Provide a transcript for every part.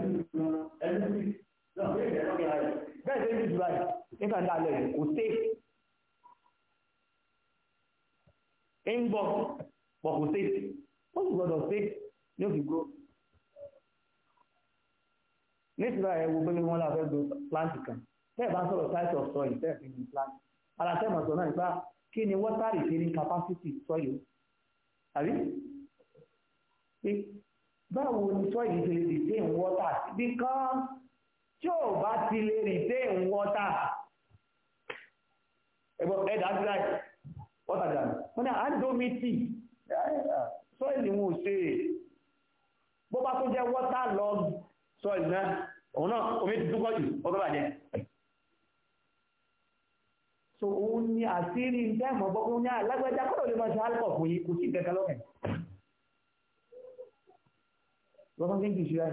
ẹni tí bẹ́ẹ̀ ṣe ń jù báyìí nípa ń dalẹ̀ kò sé ń bọ̀ pọ̀ kò sé ó sì gbọ́dọ̀ sé ní òfin gbó nítorí ẹ̀ wo pé wọ́n láfẹ́ gbé plant kan tẹ́ẹ̀ bá sọ̀rọ̀ type of soil tẹ́ẹ̀ fi ní plant ara tẹ́ẹ̀ mọ̀ sọ nípa kí ni water retaining capacity soil àbí báwo ni sọ yìí ti lè retain water síbi kan tí ò bá ti lè retain water ẹgbọ́ ẹ̀dà dry water dry wọ́n ní àádọ́mítì soil wọn ò ṣe bó bá tó jẹ́ water log soil náà òun náà omi ti dúkọ́ jù ọgbẹ́ bàjẹ́ so òun ni àṣírí ìjẹ́ ìmọ̀ gbọ́gbọ́n ní alágbẹ́já kọ́lọ̀ lè máa ṣe alcohol fún yìí kò sí ìgbẹ̀kẹ́ Broken English, right?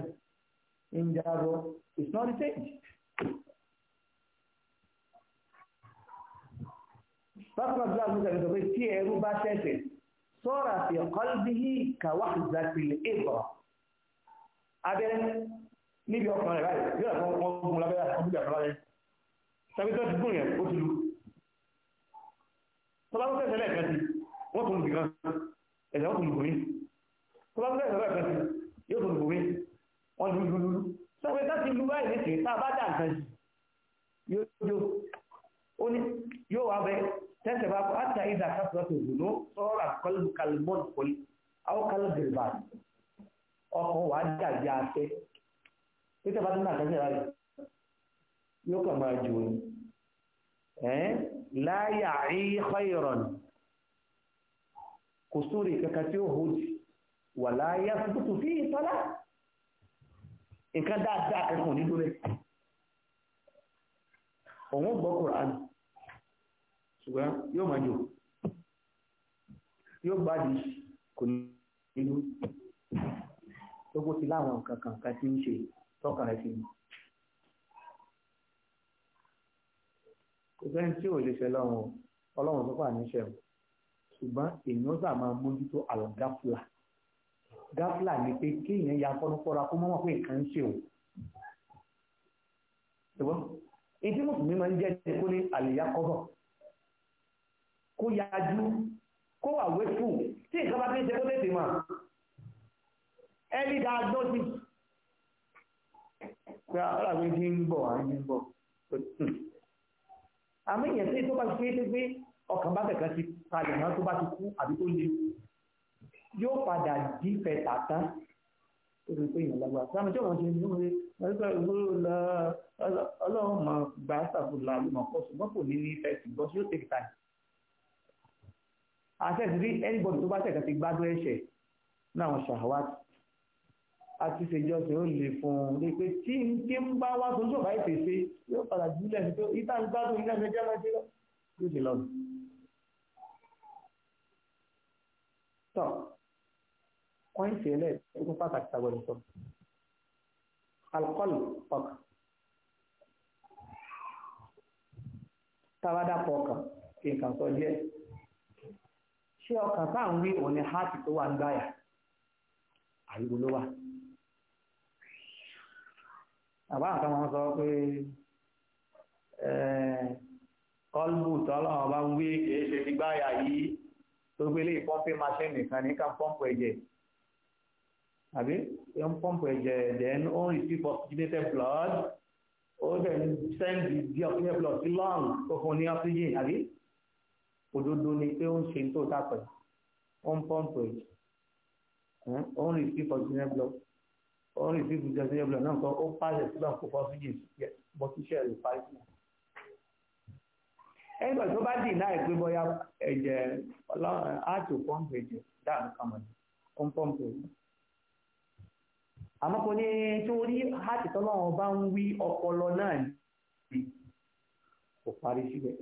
In Java, it's not the same. Bákan náà Bíláàmù Mùsàlẹ̀ sọ pé tí ẹrú bá ṣẹ̀ṣẹ̀ sọ́ra fi ọ̀kọ́lùbí yìí kàwá ìzàpìlẹ̀ èèbọ̀. Abẹ́rẹ́ níbi ọkàn rẹ̀ báyìí, yóò rẹ̀ wọ́n gún lábẹ́rẹ́ àti ọdún ìjàpá lábẹ́rẹ́. Tàbí tó ti gùn yẹn, ó ti lu. Tọ́lá tó tẹ̀sẹ̀ lẹ́ẹ̀kan sí, wọ́n tún lù kìkan, ẹ̀sẹ̀ wọ́n tún lù kò ní. Tọ́lá tó tẹ̀sẹ̀ yóò tó lùwé wọ́n lù lù lù sọ́pẹ́ tó ti lu báyìí létí tá a bá dà nǹkan jù yóò jó ó ní yóò wá bẹ tẹ́sẹ̀ bá kọ́ àtà ìdá kápẹ́ tó wù ló sọ́ra kọ́lù kalimọ́n pọ̀lì àwọn kálù gèrèbà ọkọ̀ wàá dàbí afẹ́ pété bá tó nà kẹ́sẹ̀ rárẹ̀ yóò kàn máa jù ní láyà ìkọ́ ìrọ̀nù kò sóòrè kankan tí ó hó jù wà láyé àtúntò sí ìtọ́lá nǹkan dáadáa kankan nínú rẹ̀ òun gbọ́ Kùránì ṣùgbọ́n yóò máa jò yóò gbádìí kò ní inú gbogbo ti láwọn nǹkan kankan tí ń ṣe tọ́ka rẹ̀ sí kò sẹ́ni tí ò lè ṣe lọ́wọ́ ọlọ́run tó pà níṣẹ́ ṣùgbọ́n èèyàn sábà máa mójútó àlọ́gáfúlà gáfìlà ni pé kéèyàn ya fọ́nufọ́ra kó mọ́mọ́ pé nǹkan ń ṣe o ṣùgbọ́n ìdí mùsùlùmí máa ń jẹ́ ní kó ní àlèyá kọ́bọ̀ kó yajú kó wà wéfù tí nǹkan bá ti ń ṣe kó tètè mà ẹni dáadọ́ sí pé aláàbí ti ń bọ̀ à ń bọ̀ àmì ìyẹn tí tó bá ti pé pé ọkàn bá bẹ̀ẹ̀ kan ti palẹ̀ mọ́ tó bá ti kú àbí tó le yóò padà di pẹ̀tà tán orí pé èèyàn lágbára sáàmì tí wọ́n ṣe ní wọ́n rí pé ìgbóró lọ ọlọ́run mọ̀ gbà sàbùlà mọ̀ kọ́ ṣùgbọ́n kò ní ní ìfẹ́ ṣùgbọ́n yóò take time. àṣẹ̀sì rí anybody tó bá tẹ̀ka ti gbádùn ẹ̀ṣẹ̀ ní àwọn ṣàwátì àti ìṣèjọsìn ó lè fún un rí pé tí n tí ń bá wá tó ń ṣọ̀bá ètè ṣe yóò padà jùlẹ̀ ní ìta ń gbádùn ilé ẹ̀mẹ́jẹ́ lọ́jọ́ yóò ṣe lọ́nà pọ́ìntì ẹlẹ́ ẹgbẹ́ pàtàkì tàgbọ̀dọ̀ sọ alcohol ọkàn tàbádà pọ̀ ọkàn kí nǹkan sọ díẹ̀ ṣé ọkàn tá à ń wí òun ni háàtì tó wà ń gbáyà àyíwò ló wà àbá nǹkan máa ń sọ pé kọlbù tọ́lọ́wọ́ bá ń wí kìí ṣe ti gbáyà yìí tó gbélé ìpọ́ńpé máṣẹ́ nìkan ní ká pọ́ǹpù ẹ̀jẹ̀ àbí ó ń pọ́ǹpù ẹ̀jẹ̀ then ó ń receive oxygenated blood ó dẹ̀ ń send the oxygenated blood sí lung tó fún ní oxygen àbí òdodo ni pé ó ń ṣe tó dàpẹ̀ ó ń pọ́ǹpù ẹ̀jẹ̀ hmm? ó ń receive oxygenated blood ó ń receive oxygenated blood náà kọ́ ó pàṣẹ sílẹ̀ kó fọ́ oxygen bọ́ tíṣẹ̀ rẹ̀ parí ẹgbẹ́ tó bá dì náà pé bóyá ẹ̀jẹ̀ ọlọ́run á tó pọ́ǹpù ẹ̀jẹ̀ dáa nǹkan mọ̀ ní ó pọ́ǹpù ẹ̀jẹ̀ àmọ́ kò ní tí ó rí háàtì tọ́lọ́run bá ń wí ọpọlọ náà ni kò parí síbẹ̀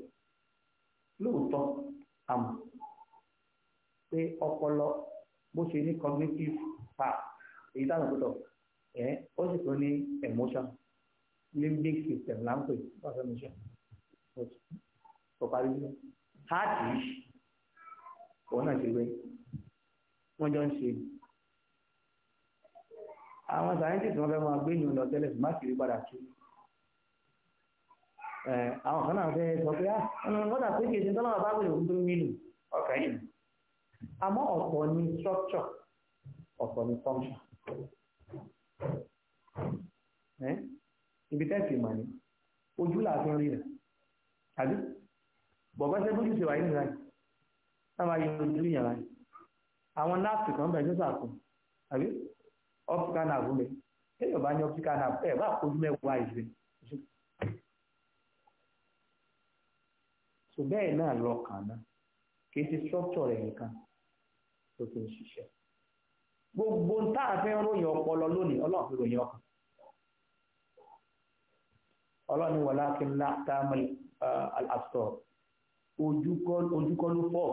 lóòótọ́ àmọ́ pé ọpọlọ bó ṣe ní cognitive part èyí táwọn tó tọ̀ ẹ́ ó sì tún ní emotion limbic system là ń pè bàtà kò parí síbẹ̀ háàtì òun náà ti gbé wọ́n jọ ń ṣe àwọn scientist wọn fẹ́ máa gbé yìí lọ tẹ́lẹ̀ sí máàkì rí padà tú àwọn kan náà fẹ́ sọ pé wọ́n ah, dà pé kì í ṣe tọ́lọ́wọ́ bá gbèrò tó nílò ọkàn yìí àmọ́ ọ̀pọ̀ ni structure ọ̀pọ̀ ni function ibi tẹ́sí ìmọ̀ ni ojú làásán rí rẹ̀ àbí bọ̀gọ́sẹ́ bójú ṣe wà ní ìlànà táwọn ayé ojú ìyàrá àwọn nurse kan bẹ̀rẹ̀ sọ́sà kan àbí ọ́fíkà náà wọlé kéèyàn bá ní ọ́fíkà náà ẹ̀ bá kojú mẹ́wàá ìwé. so bẹ́ẹ̀ náà lọ́kàn náà kì í ṣe structure rẹ̀ nìkan tó fi ń ṣiṣẹ́ gbogbo tá a fẹ́ ròyìn ọpọlọ lónìí ọlọ́run fi ròyìn ọkàn ọlọ́run wọlá kí n lá táàmù àtọ̀ ojúkọ́ ló fọ́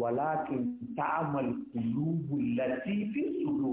wọlá kí n táàmù ìlú bùlá tí fi sùdùrù.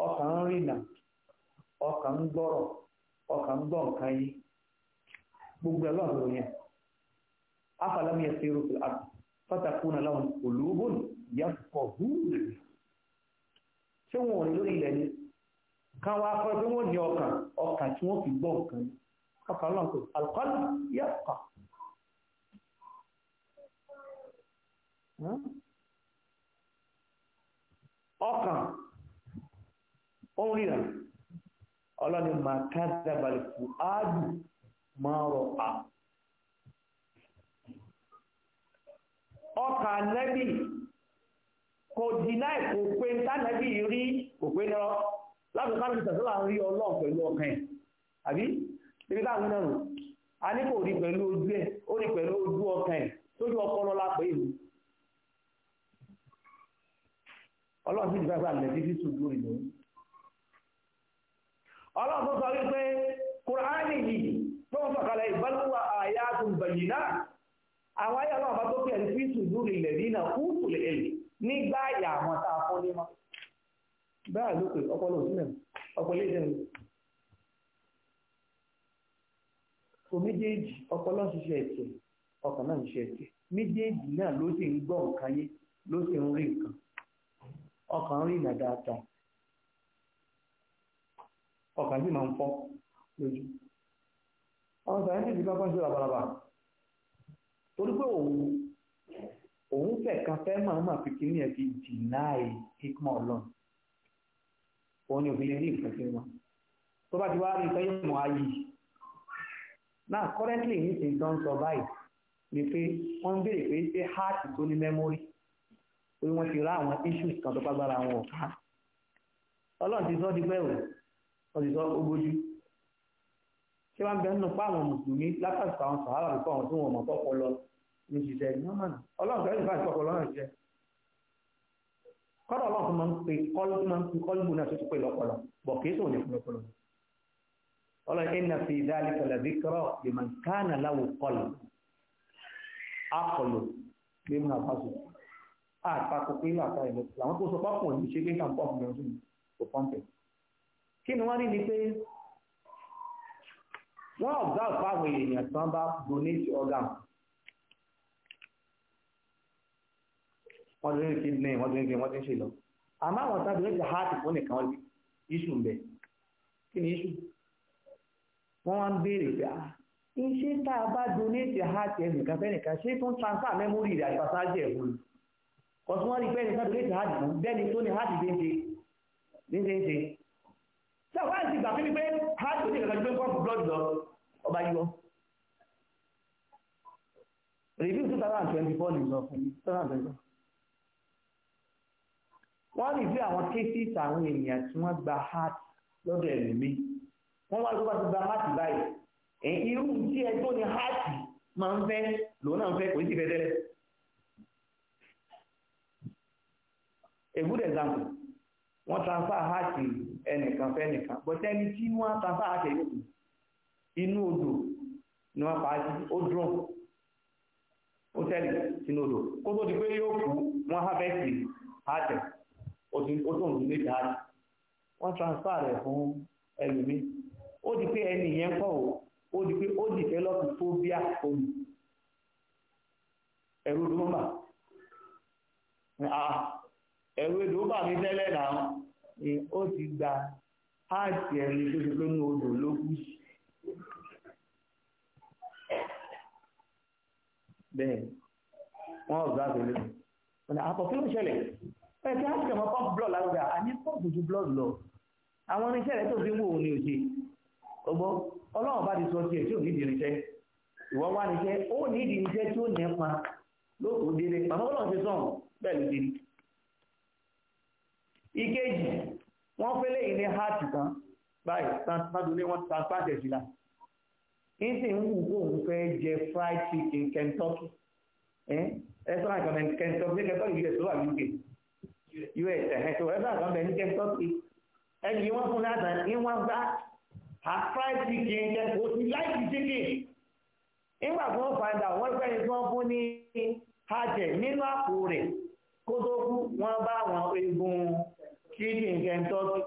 ọka nri na ọka mgbọrọ ọka mgbọ ń gbogbo ẹ̀ lọ́rùn yẹn afàlámì ẹ̀sẹ̀ irúfẹ́ àti fọ́tàkùnà láwọn olóògùn yàtọ̀ húùlù ṣé wọn ò ní lórí ilẹ̀ ni kan wá kọ́ pé wọ́n ní ọkà ọkàn tí wọ́n fi gbọ́ nǹkan náà alukọ́lù ó ń ríran ọlọ́ni máa ká dábàlẹ̀ fún áàdù máa rọ̀ à ọkà nẹ́bì kò dínà pé rí kò pé lọ láti ká lóṣìṣẹ́ tó láàrin rí pẹ̀lú ọkàn ẹ̀ àbí náà a ní kò rí pẹ̀lú ojú ẹ̀ ó rí pẹ̀lú ojú ẹ̀ ọlọ́run sọ wípé kùránì yìí tó ń sọ̀kalẹ̀ ìbálòwà àyà tó ń bẹ̀yìn náà àwọn ayé ọlọ́run bá tó fi ẹ̀rí fi sùn lórí ilẹ̀ nínà kúùtù lè èlì nígbà àyà àwọn tá a fọ́ ní mọ́ bẹ́ẹ̀ ló pè ọpọlọ òsínà ọpọlọ ìdẹ̀ mi kò méjèèjì ọpọlọ ṣiṣẹ́ ẹ̀tẹ̀ ọkàn náà ṣiṣẹ́ ẹ̀tẹ̀ méjèèjì náà ló sì ń gbọ́ nǹkan yé ló sì ń rí nǹkan ọkàn rí nà ọkàn sì máa ń fọ́ lójú àwọn sàyẹ́ntìsì bá kọ́ńṣe labalábá owu owu fe òun fẹ̀kan ma fi kíní ẹ̀ fi òun ni òfin ní ìfẹ́ wọn tó bá ti wá rí nǹkan mọ ayé náà currently ní ti tán sọ ni pé béèrè pé ṣé heart tó ní memory pé ọ̀sìsọ́ ogójú ṣé wọ́n bẹ̀rẹ̀ nínú pa àwọn mùsùlùmí látàkùn àwọn sàárà nǹkan àwọn tí wọ́n mọ̀ tọ́pọ̀ lọ ní ṣiṣẹ́ ní wọ́n mọ̀nà ọlọ́run fẹ́ẹ́ nípa ìtọ́pọ̀ lọ́rùn ṣiṣẹ́ kọ́dọ̀ ọlọ́run tó máa ń pe kọ́lù tó máa ń pe kọ́lù bù náà tó ti pè lọ́pọ̀lọ́ bọ̀ kì í sòwò ní ọpọlọ ọlọ́run inna fi dhalika la dhikra liman kana lahu ń pọ̀ fún mi ọdún kò pọ́ǹpẹ̀ kí ni wọ́n ní ni pé wọ́n ọ̀gá fáwọn èèyàn tán bá donate organ wọ́n ti ń kidney wọ́n ti ń fi wọ́n ti ń ṣe lọ àmọ́ àwọn tábìlì ti heart fún nìkan wọ́n ti issue ń bẹ kí ni issue wọ́n wá ń béèrè pé ah iṣẹ́ tá a bá donate heart ẹnìkan fẹ́nìkan ṣé tó ń transfer memory rẹ̀ àti passage ẹ̀ fún un kọ̀sùn wọn rí pé ẹnìkan donate heart fún bẹ́ẹ̀ ni tó ní heart ṣe ń ṣe tí àwọn àti ìgbà fún mi pé káàtó ní ìrẹ̀lẹ̀ gbẹ́gbẹ́ fún blood lọ ọba yíwọ́ review two thousand twenty four nìyọ fún mi two thousand twenty four wọ́n rí bí àwọn cases àwọn ènìyàn tí wọ́n gba heart lọ́dọ̀ ẹ̀mí mi wọ́n wá ló bá ti gba heart báyìí irú tí ẹ tó ní heart máa ń fẹ́ lòun náà ń fẹ́ kò ní ti fẹ́ tẹ́lẹ̀ a good example wọ́n transfer háàkì ẹnìkan fẹ́nìkan bọ́tẹ́ ẹni tí wọ́n transfer háàkì yóò inú odò ni wọ́n pàá sí ó drọ́n ó tẹ́lẹ̀ sínú odò kó tó di pé yóò kú wọ́n harvest háàkì ó tó ń méjì háàkì wọ́n transfer rẹ̀ fún ẹlòmí ó di pé ẹni yẹn kọ́ ó di pé ó ti gba áàtì ẹni tó ti lónú odò lókù bẹ́ẹ̀ wọ́n ọ̀gá àgbẹ̀lẹ̀ ọ̀nà àpọ̀kí ló ṣẹlẹ̀ ẹ̀ kí á sì kẹ̀mọ́ pọ́ǹpù blọ́ọ̀ lárúgbà a ní pọ́ǹpù ju blọ́ọ̀ lọ àwọn irinṣẹ́ rẹ̀ tó fi ń wò ní òṣè ọgbọ́ ọlọ́run bá ti sọ tiẹ̀ tí ò nídìí irinṣẹ́ ìwọ wá níṣẹ́ ó nídìí irinṣẹ́ tí ó ní ẹ̀pa lókòó délé àmọ́ ọlọ́run ti sọ̀rọ̀ bẹ́ẹ̀ ló délé ìkejì wọ́n fẹ́ lẹ́yìn ní háàtì kan báyìí tánúlé wọ́n transplant ẹ̀ sílá ń fried chicken Kentucky restaurant kan bẹ Kentucky ní Kentucky US US ẹ̀hẹ́n so restaurant Kentucky ẹni yìí wọ́n fún ní àtàn fried chicken kẹ́kọ̀ọ́ sí chicken nígbà tí wọ́n find out wọ́n fẹ́ ní tí wọ́n fún ní hajj nínú àpò rẹ̀ kó tó kú wọ́n bá àwọn eegun kéèdì nǹkan tọ́kì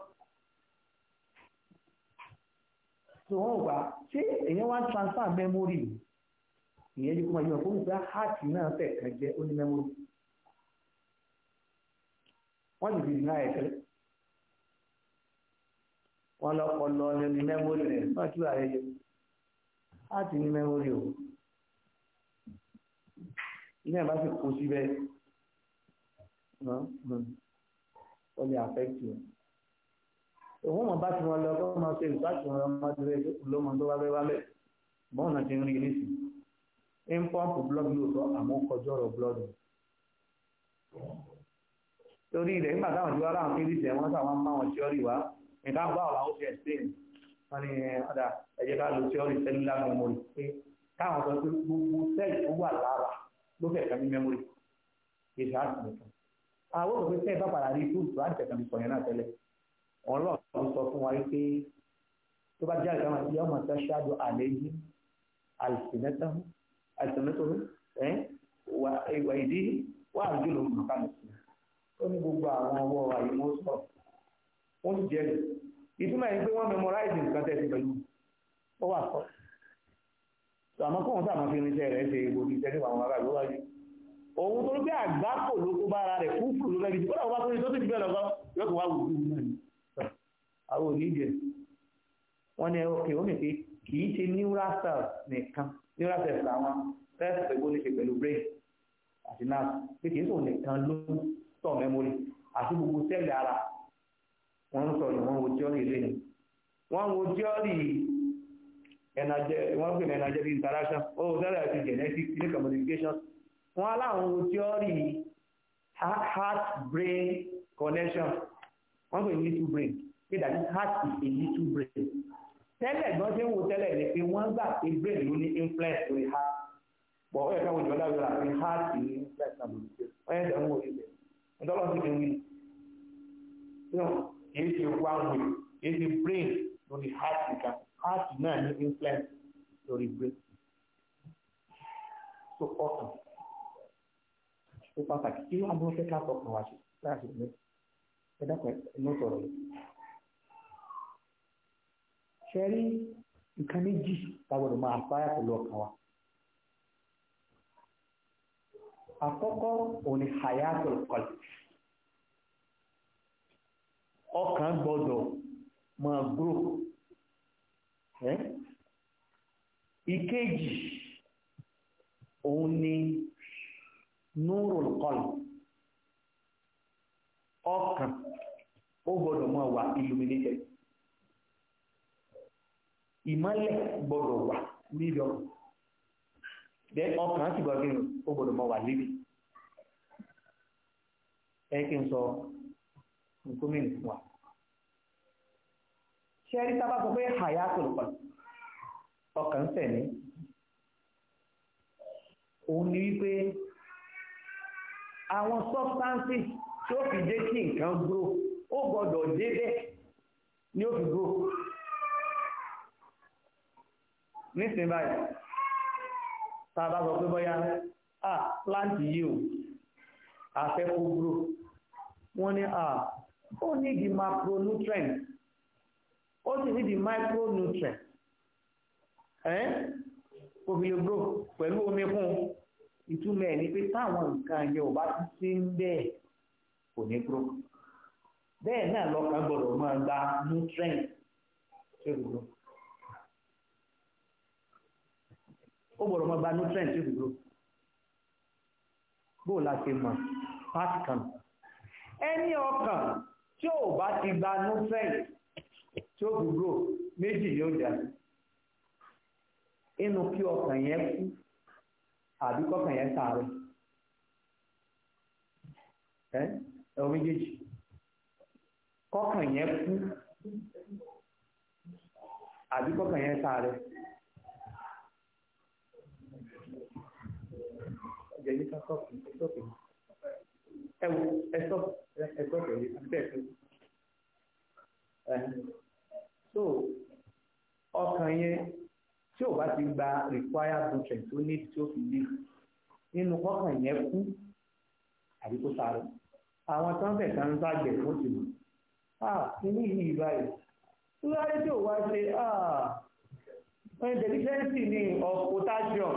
tó wọ́n gbà ṣé èèyàn wá ń transfer memory ìyẹn yìí kó máa yọ fún ìgbà heart náà fẹ̀ kàn jẹ́ ó ní memory wọ́n sì fi ní àyè tẹ́lẹ̀ wọ́n lọ́pọ̀lọ́ ní memory rẹ̀ náà tí wà rẹ̀ yẹ heart ní memory o ilé ẹ̀ bá sì kó síbẹ̀ ó lè affect you. òun mọ̀ bá ti wọn lọ kó máa ṣe ìbáṣe wọn ọmọ ti rẹ ìjókòó ló mọ tó wá bẹ́ẹ̀ wálẹ̀ bọ́ọ̀ náà ti ń rí i nísìn ń pọ́ǹpù blood lóòótọ́ àmọ́ kọjú ọ̀rọ̀ blood. torí ilẹ̀ nígbà táwọn ti wá láwọn kéríṣẹ̀ wọ́n sàwọn máa wọn tíọ́rì wá nǹkan gbá ọ̀la ó fi explain wọ́n ní ọ̀dà ẹ̀jẹ̀ ká lo tíọ́rì cellular memory pé káwọn sọ pé gbogbo cell tó wà lára ló fẹ̀ ní memory kì í ṣe àtúntò àwọn òfin tẹ́ ẹ bá padà rí fúùsù láti tẹ̀sán ìsọ̀ yẹn náà tẹ́lẹ̀ ọlọ́run sọ fún wa pé tó bá jáde káwọn ìyá ọmọ tẹ́ ṣáájú àlejò àìsìnẹ́tàhún àìsìnẹ́tàhún ẹ̀ wà ìdí wà àjò lòun nǹkan nìkan ó ní gbogbo àwọn ọwọ́ àyè mọ́ sọ̀rọ̀ ó ń jẹ́ ìtumọ̀ ẹni pé wọ́n memorize nǹkan tẹ̀sí pẹ̀lú ó wà sọ àmọ́ kóhun sáà máa fi irinṣẹ́ rẹ̀ ṣe ìwòrì ìṣẹ́ àwọn ará ìlú wáyé òun tó ń gbé àgbákò ló kó bára rẹ̀ kú fún ló lẹ́gidi kódà wọ́n bá tó ti bẹ̀rẹ̀ ụzụ yóò tó wá wù ú náà ni àwọn òní jẹ wọ́n ní ọkẹ ó nìpe kì í ṣe neural cells nìkan neural cells làwọn cells pẹ̀lú ní ṣe pẹ̀lú brain àti nerve pé kì í nìkan ló ń memory àti ara ń ni wọn wo pè interaction ó oh, genetic wọ́n aláwọn tíọ́rì heart brain connection wọ́n pè ní little brain pé dàbí heart is a little brain tẹ́lẹ̀ gan ṣe ń wo tẹ́lẹ̀ ni pé wọ́n gbà pé brain ló ní influence lórí heart pọ̀ ó yẹ káwọn ìjọba dábìí rà pé heart ní influence náà lórí wọ́n yẹ kẹ́ ń wo ilẹ̀ ìtọ́lọ́ sí ti wí kìí ṣe one way kìí ṣe brain lórí heart nìkan heart náà ní influence lórí brain so important ó pàtàkì kí wọ́n abúlé fẹ́ ká tọkàn wá sí láti ìlú ẹ dákun ẹ ní sọ̀rọ̀ yìí. ṣe rí nǹkan méjì táwọn máa fáyà pẹ̀lú ọkàn wa. àkọ́kọ́ òun ni hayatul qalbi ọkàn gbọ́dọ̀ máa gbó ìkejì òun ni. nurul ruru ọkàn ó gbọ́dọ̀ máa wà illuminated ìmọ́lẹ̀ gbọ́dọ̀ wà níbi ọkàn then ọkàn sì gbọ́dọ̀ gbìyànjú ó gbọ́dọ̀ máa wà níbi ẹ kí n sọ fún wa sábà sọ pé àyà àtòlùpọ̀ ọkàn ń tẹ̀ ní òun ni wípé àwọn substances tí ó fi dé kí nǹkan grow ó gbọ́dọ̀ débẹ̀ ni ó fi grow nísìnyí báyìí tá a bá sọ pé bóyá ah plant yìí o àfẹ́kù grow wọ́n ní ah ó ní di macronutrient ó sì ní di micronutrient ẹ́ kò fi lè grow pẹ̀lú omi fún un ìtumọ̀ ẹ̀ ni pé táwọn nǹkan yẹn ò bá ti sí ń bẹ́ẹ̀ kò ní kúrò bẹ́ẹ̀ náà lọ́kàn gbọ́dọ̀ gba nutrient tí ó dúró ó gbọ́dọ̀ gba nutrient tí ó dúró bó la ṣe mọ̀ ẹni ọkàn tí ò bá ti gba nutrient tí dúró méjì jà inú kí ọkàn yẹn kú. àbí kọ́kàn yẹn sàárẹ̀ ẹ ẹ̀rọ méjèèjì kọ́kàn yẹn kú àbí kọ́kàn yẹn sàárẹ̀ ẹ̀jẹ̀ yìí ká sọ́ọ̀kì sọ́ọ̀kì ẹ wo ẹ sọ ẹ sọ́ọ̀kì yìí ká bẹ́ẹ̀ fún ẹ so ọkàn yẹn tí ò bá ti gba required nutrient tó ní tí ó fi lè nínú kọ́kàn yẹn kú àbí kó sáré àwọn tó ń bẹ̀ tán ń bàjẹ́ ó ti lò á kíní yìí báyìí tí wọ́n á tí ò wá ṣe ah, ń deficiency ní of potassium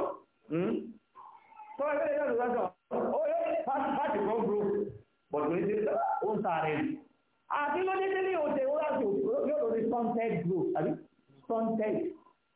tó wọ́n fẹ́ẹ́ lọ́dọ̀ lọ́dọ̀ ó yẹ pàtì kan bro bọ̀dọ̀ ní ṣe ó ń sáré àti lóde délé òde ó láti òde yóò lórí stunted growth àbí stunted.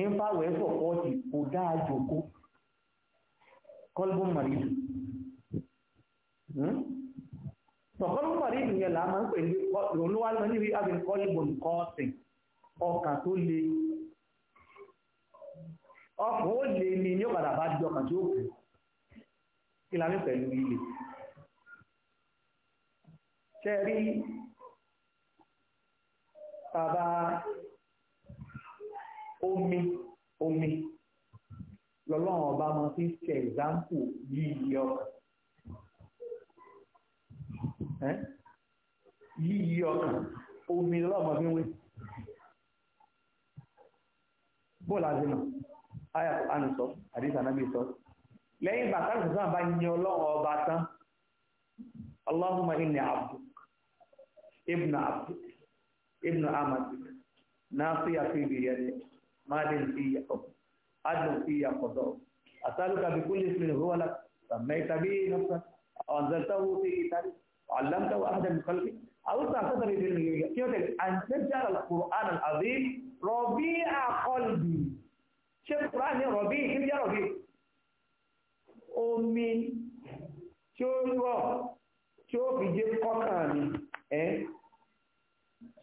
ń fàwẹ̀ sọ̀pọ̀tì kò dáa jòkó kọlbùn maridu sọ̀kọlbùn hmm? maridu yẹn là máa ń pè ní olúwalọ́ níbi abin kọlbùn kọ́ọ̀sìn ọkà tó le ọkùn ó le ni ní ọ̀kadà bá di ọkà tí ó kù kí la ní pẹ̀lú ilé ṣe rí bàbá omi omi lọ́lọ́run ọba máa fi ṣe ẹ̀dáǹpù yíyí ọkàn yíyí ọkàn omi lọ́lọ́run máa fi wé bóòlù àzìmọ̀ ayà ànùsọ àdìsá nábì sọ lẹ́yìn bàtà ìsọ̀tàn bá yin ọlọ́run ọba tán Allahumma inni abduk ibnu abduk ibnu amadik náà fi àfi ìbìyẹn مال في حكم عدل في قضاء أسألك بكل اسم هو لك سميت به نفسك أو أنزلته في كتابك علمته أحدا من خلقك أو تعتذر بالمليون أن تجعل القرآن العظيم ربيع قلبي شوف القرآن ربيع كيف يا ربيع أمي شوف شوف يجيب قطعني إيه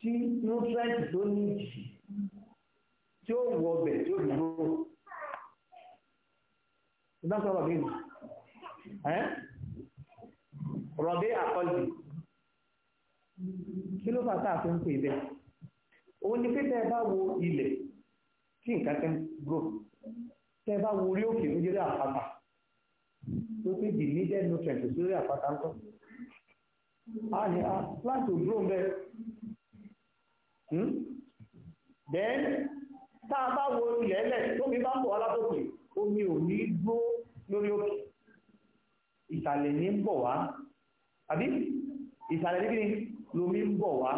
شي نوترينت دونيتي tí ó wọ ọbẹ̀ tí ó dúró ìdánsọ rọ̀bí ni rọ̀bí àkọlù kí ló fàtà tó ń pè òun ni pé tẹ́ bá wo ilẹ̀ kí nǹkan tẹ́ ń gbò bá wo orí òkè tó àpáta tó àpáta a tá a bá wo ilẹ̀ẹ́lẹ̀ tómi bá ń bọ̀ alábòkè omi ò ní gbó lórí òkè ìsàlẹ̀ ní ń bọ̀ wá àbí ìsàlẹ̀ níbi lomi ń bọ̀ wá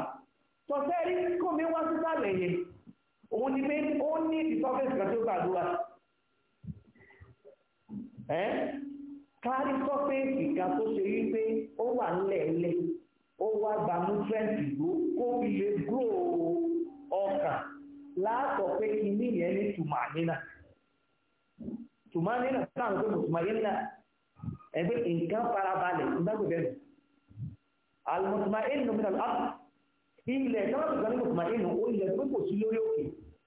tọ́sẹ́ rí kómi wá sísàlẹ̀ yẹn òun ni pé ó ní ìsọ́fẹ́sì kan tí ó gbàdúrà ẹ́ kárí sọ́fẹ́sì kan tó ṣe rí pé ó wà ńlẹ̀ẹ́lẹ̀ ó wá gba nutrient gbó kó fi lè gbó ọkà láàtọ̀ pé kí ní yẹn ní tùmà nínà tùmà nínà sáà pé tùmà nínà ẹgbẹ́ nǹkan farabalẹ̀ ìgbàgbẹ́ alùmọ̀tùmá ẹnu mi náà ilẹ̀ náà tó gbani mọ̀tùmá ẹnu ó ilẹ̀ tó kò sí lórí òkè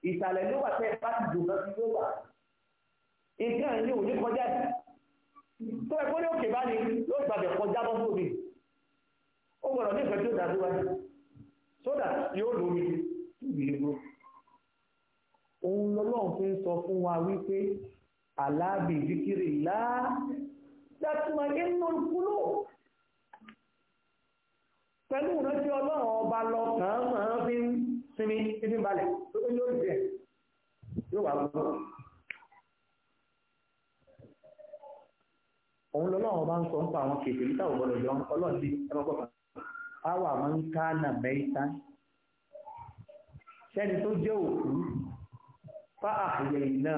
ìsàlẹ̀ ló wà tẹ́ bá ti dùn lọ́sí ló wà nǹkan ẹni ò ní kọjá tó ẹ̀kọ́ ní òkè bá ní ló gbàgbẹ́ kọjá bọ́ sómi ó gbọ́dọ̀ nífẹ̀ẹ́ tó dàdúrà sódà yóò lómi tó ìgbìyànjú òun lọ́lọ́run fi ń sọ fún wa wípé aláàbì zikiri lá dátúmọ̀ inú kúrò pẹ̀lú ìrántí ọlọ́run ọba lọ́kàn máa fi ń sinmi fífi balẹ̀ tó yóò jẹ́ yóò wà gbọ́. òun lọ́lọ́run ọba ń sọ ń pa àwọn kèfèé níta ògbọ́dọ̀ jọ ọlọ́run sí ẹgbẹ́ kan áwà máa ń ká nà mẹ́ta sẹ́ni tó jẹ́ òkú fa àyè iná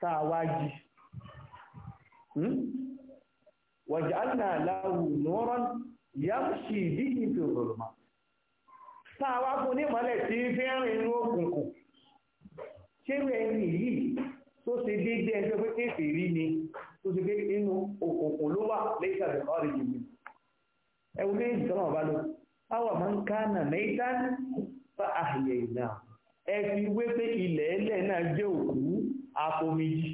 tá a wá jí wàjà ánà láwù nọ́rọ́n yàmṣì bíi fi òròmà tá a wá fún ní ìmọ̀lẹ̀ tí fi ń rìn inú òkùnkùn ṣérú ẹni yìí tó ṣe déédé ẹjọ́ pé kéfèrí ni tó ṣe pé inú òkùnkùn ló wà lẹ́yìn ẹ̀wọ̀n ẹ fi wé pé ilẹ̀ ẹlẹ̀ náà jẹ́ òkú àfomijì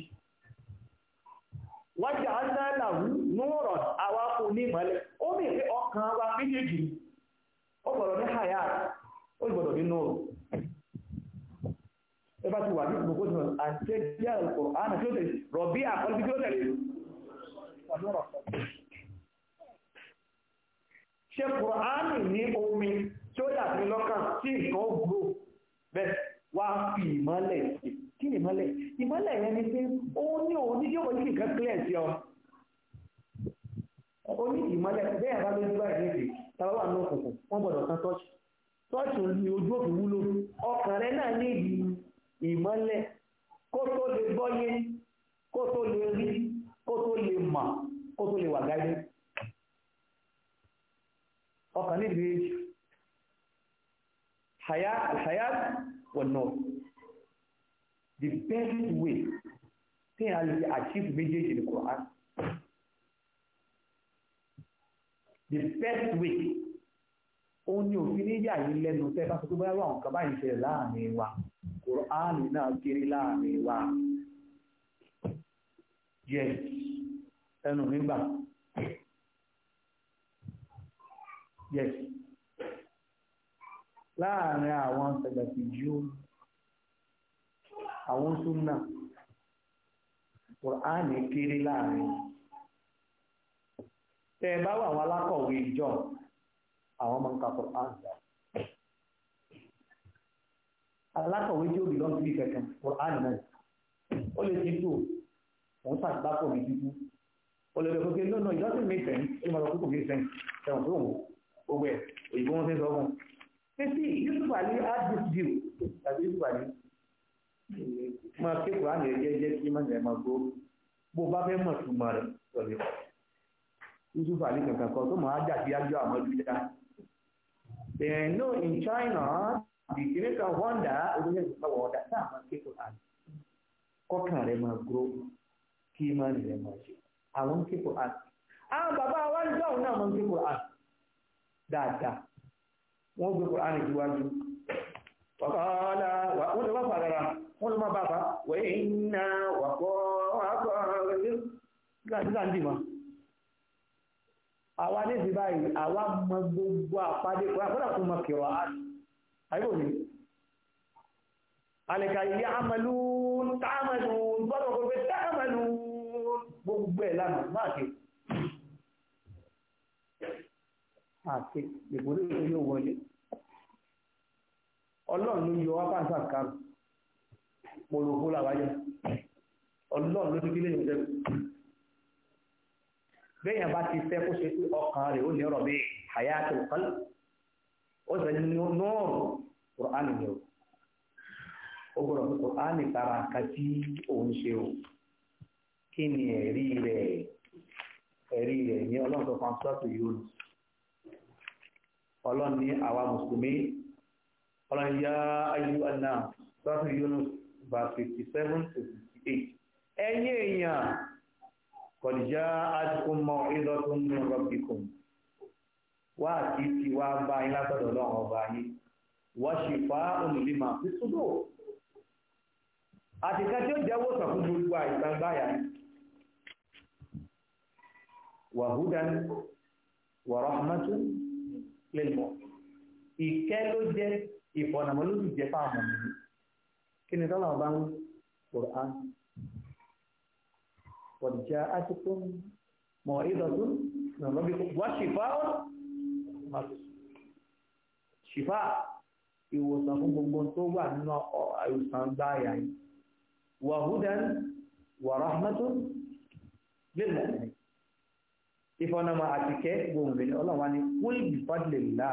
wájà aláàlàwú núrọ̀ awáfo ní ìmọ̀lẹ̀ ó mì pé ọkàn wa méjèèjì ó gbọ́dọ̀ ní àyà ó gbọ́dọ̀ ní núrọ̀ ẹ bá ti wà ní gbogbo ìmọ̀ àti ẹgbẹ́ àlùkò àná tí ó tẹ̀lé rọ̀bí àkọlùbí tí ó tẹ̀lé ṣe ní omi tí ó dàbí lọ́kàn tí bẹ́ẹ̀ wá fi ìmọ́lẹ̀ sí kí ni ìmọ́lẹ̀ ìmọ́lẹ̀ yẹn ni pé ó ní òun ní yóò ní nǹkan clear sí ọ ó ní ìmọ́lẹ̀ bẹ́ẹ̀ bá lójú báyìí ní èdè tàbá wà ní òkùnkùn wọ́n gbọ́dọ̀ kan tọ́ọ̀ṣì tọ́ọ̀ṣì ni ojú òfin wúlò ọkàn rẹ náà ní ìmọ́lẹ̀ kó tó lè gbọ́yé kó tó lè rí kó tó lè mọ̀ kó tó lè wà gáyé ọkàn nídìí Hayat, Hayat or not. The best way to achieve achieved in the Quran. The best way òun ni òfin níyà yìí lẹ́nu tẹ́ bá sọ pé báyà wà nǹkan láàrin wa Quran náà kiri láàrin wa. Yes, ẹnu mi Yes láàrin àwọn sẹ̀lẹ̀fì jù àwọn súnà kùránì kéré láàrin tẹ ẹ bá wà àwọn alákọ̀wé ìjọ àwọn máa ń ka kùránì dá alákọ̀wé tí ó bì lọ́sí ìfẹ́ kan kùránì náà ó lè ti dù òun sàgbákò mi dúdú ó lè bẹ̀rẹ̀ pé no no it doesn't make sense ó lè máa lọ pé kò make sense ẹ̀wọ̀n tó wò ó gbẹ òyìnbó wọn fẹ́ sọ fún un. pé sí Yusuf Ali had this tàbí Yusuf Ali máa ké kura ní ẹjẹ jẹ kí máa máa gbó bó bá fẹ́ mọ̀ sọ̀rọ̀ Ali kankan kan tó máa dàbí ájọ àmọ́ dídá know in China the Jamaican wonder olóyè ìgbà wọ̀ọ́dà sáà máa ké kura kọ́kàn rẹ̀ máa gbó kí máa rẹ̀ máa ṣe àwọn ké kura àwọn bàbá wa wọ́n gbé kùránì jíwájú wàkọ́ọ́lá wọ́n lè wá fàdára wọ́n lè má bá fa wẹ́yẹ iná wàkọ́ wàkọ́ àwa ní ìsìn báyìí àwa mọ gbogbo àpàdé kúrò àpàdé kúrò mọ kìrọ̀ àyíkò ní alẹ́kàrí àmàlú táàmàlú gbọ́dọ̀ gbogbo táàmàlú gbogbo ẹ̀ lánàá máa kìí àti ìgbóni tó yóò wọlé ọlọ́run ló yọ wá bá sàkárù polówó làwájọ ọlọ́run ló dúdú lẹ́yìn ìjẹun bẹ́yìn bá ti fẹ́ kó ṣe pé ọkàn rẹ̀ ó ní ọ̀rọ̀ bíi hayatul qalb ó sì ní nọ́ọ̀rù kùránì ni o ó gbọ́dọ̀ fún kùránì tara nǹkan tí òun ṣe o kí ni ẹ̀rí rẹ̀ ẹ̀rí rẹ̀ ní ọlọ́run tó fa sọ́ọ̀tù yóò lù sí ọlọ́run ní àwa mùsùlùmí ọlọ́run yá ayú àná sọ́tù Yunus verse fifty seven to fifty eight ẹ̀yin èèyàn kọ̀díjà àdìkún mọ ìdọ́tún ní rọ́bìkún wá àti ti wá bá yín látọ̀dọ̀ ọlọ́run ọba yín wọ́n sì fa olùdímọ̀ àti súdò àtìká tí ó jẹ́ wòsàn fún gbogbo àìsàn báyà yìí wàhúdà wàrọ̀hánmátún lè mọ̀ ìkẹ́ ló jẹ́ ìfọ̀nàmọ́ ló sì jẹ́ fáwọn ọmọ mi kí ni tọ́lá ọba ń Qur'an ọ̀jà àtúntò mọ̀ ìdọ̀tún ìrànlọ́bí wá ṣìfà ó ṣìfà ìwòsàn fún gbogbo tó wà nínú àìsàn gbáyà yìí wàhúdàn wàràhmẹ́tún lè mọ̀ ìfọ̀nàmọ̀ àtìkẹ́ gbòǹgbè ọlọ́run wa ni kúl ìfọ̀dìlélá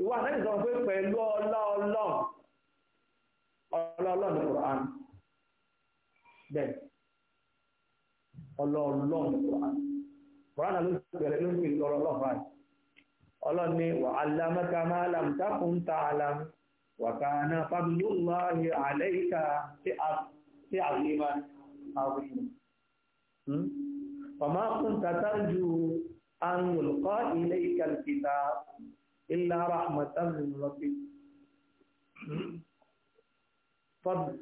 ìwà náà sọ pé pẹ̀lú ọlọ́ọ̀lọ́ọ̀ ọlọ́ọ̀lọ́ọ̀ ní Qur'an bẹ́ẹ̀ ọlọ́ọ̀lọ́ọ̀ ní Qur'an Qur'an ló bẹ̀rẹ̀ ló ń fi ọlọ́ọ̀lọ́ọ̀ báyìí ọlọ́ọ̀ ni wà alámẹ́ka máa làm tákùn ta àlàm wà ká náà fábílù فما كنت tarju أن yulqa ilayka الكتاب إلا رحمة من rabbik fadl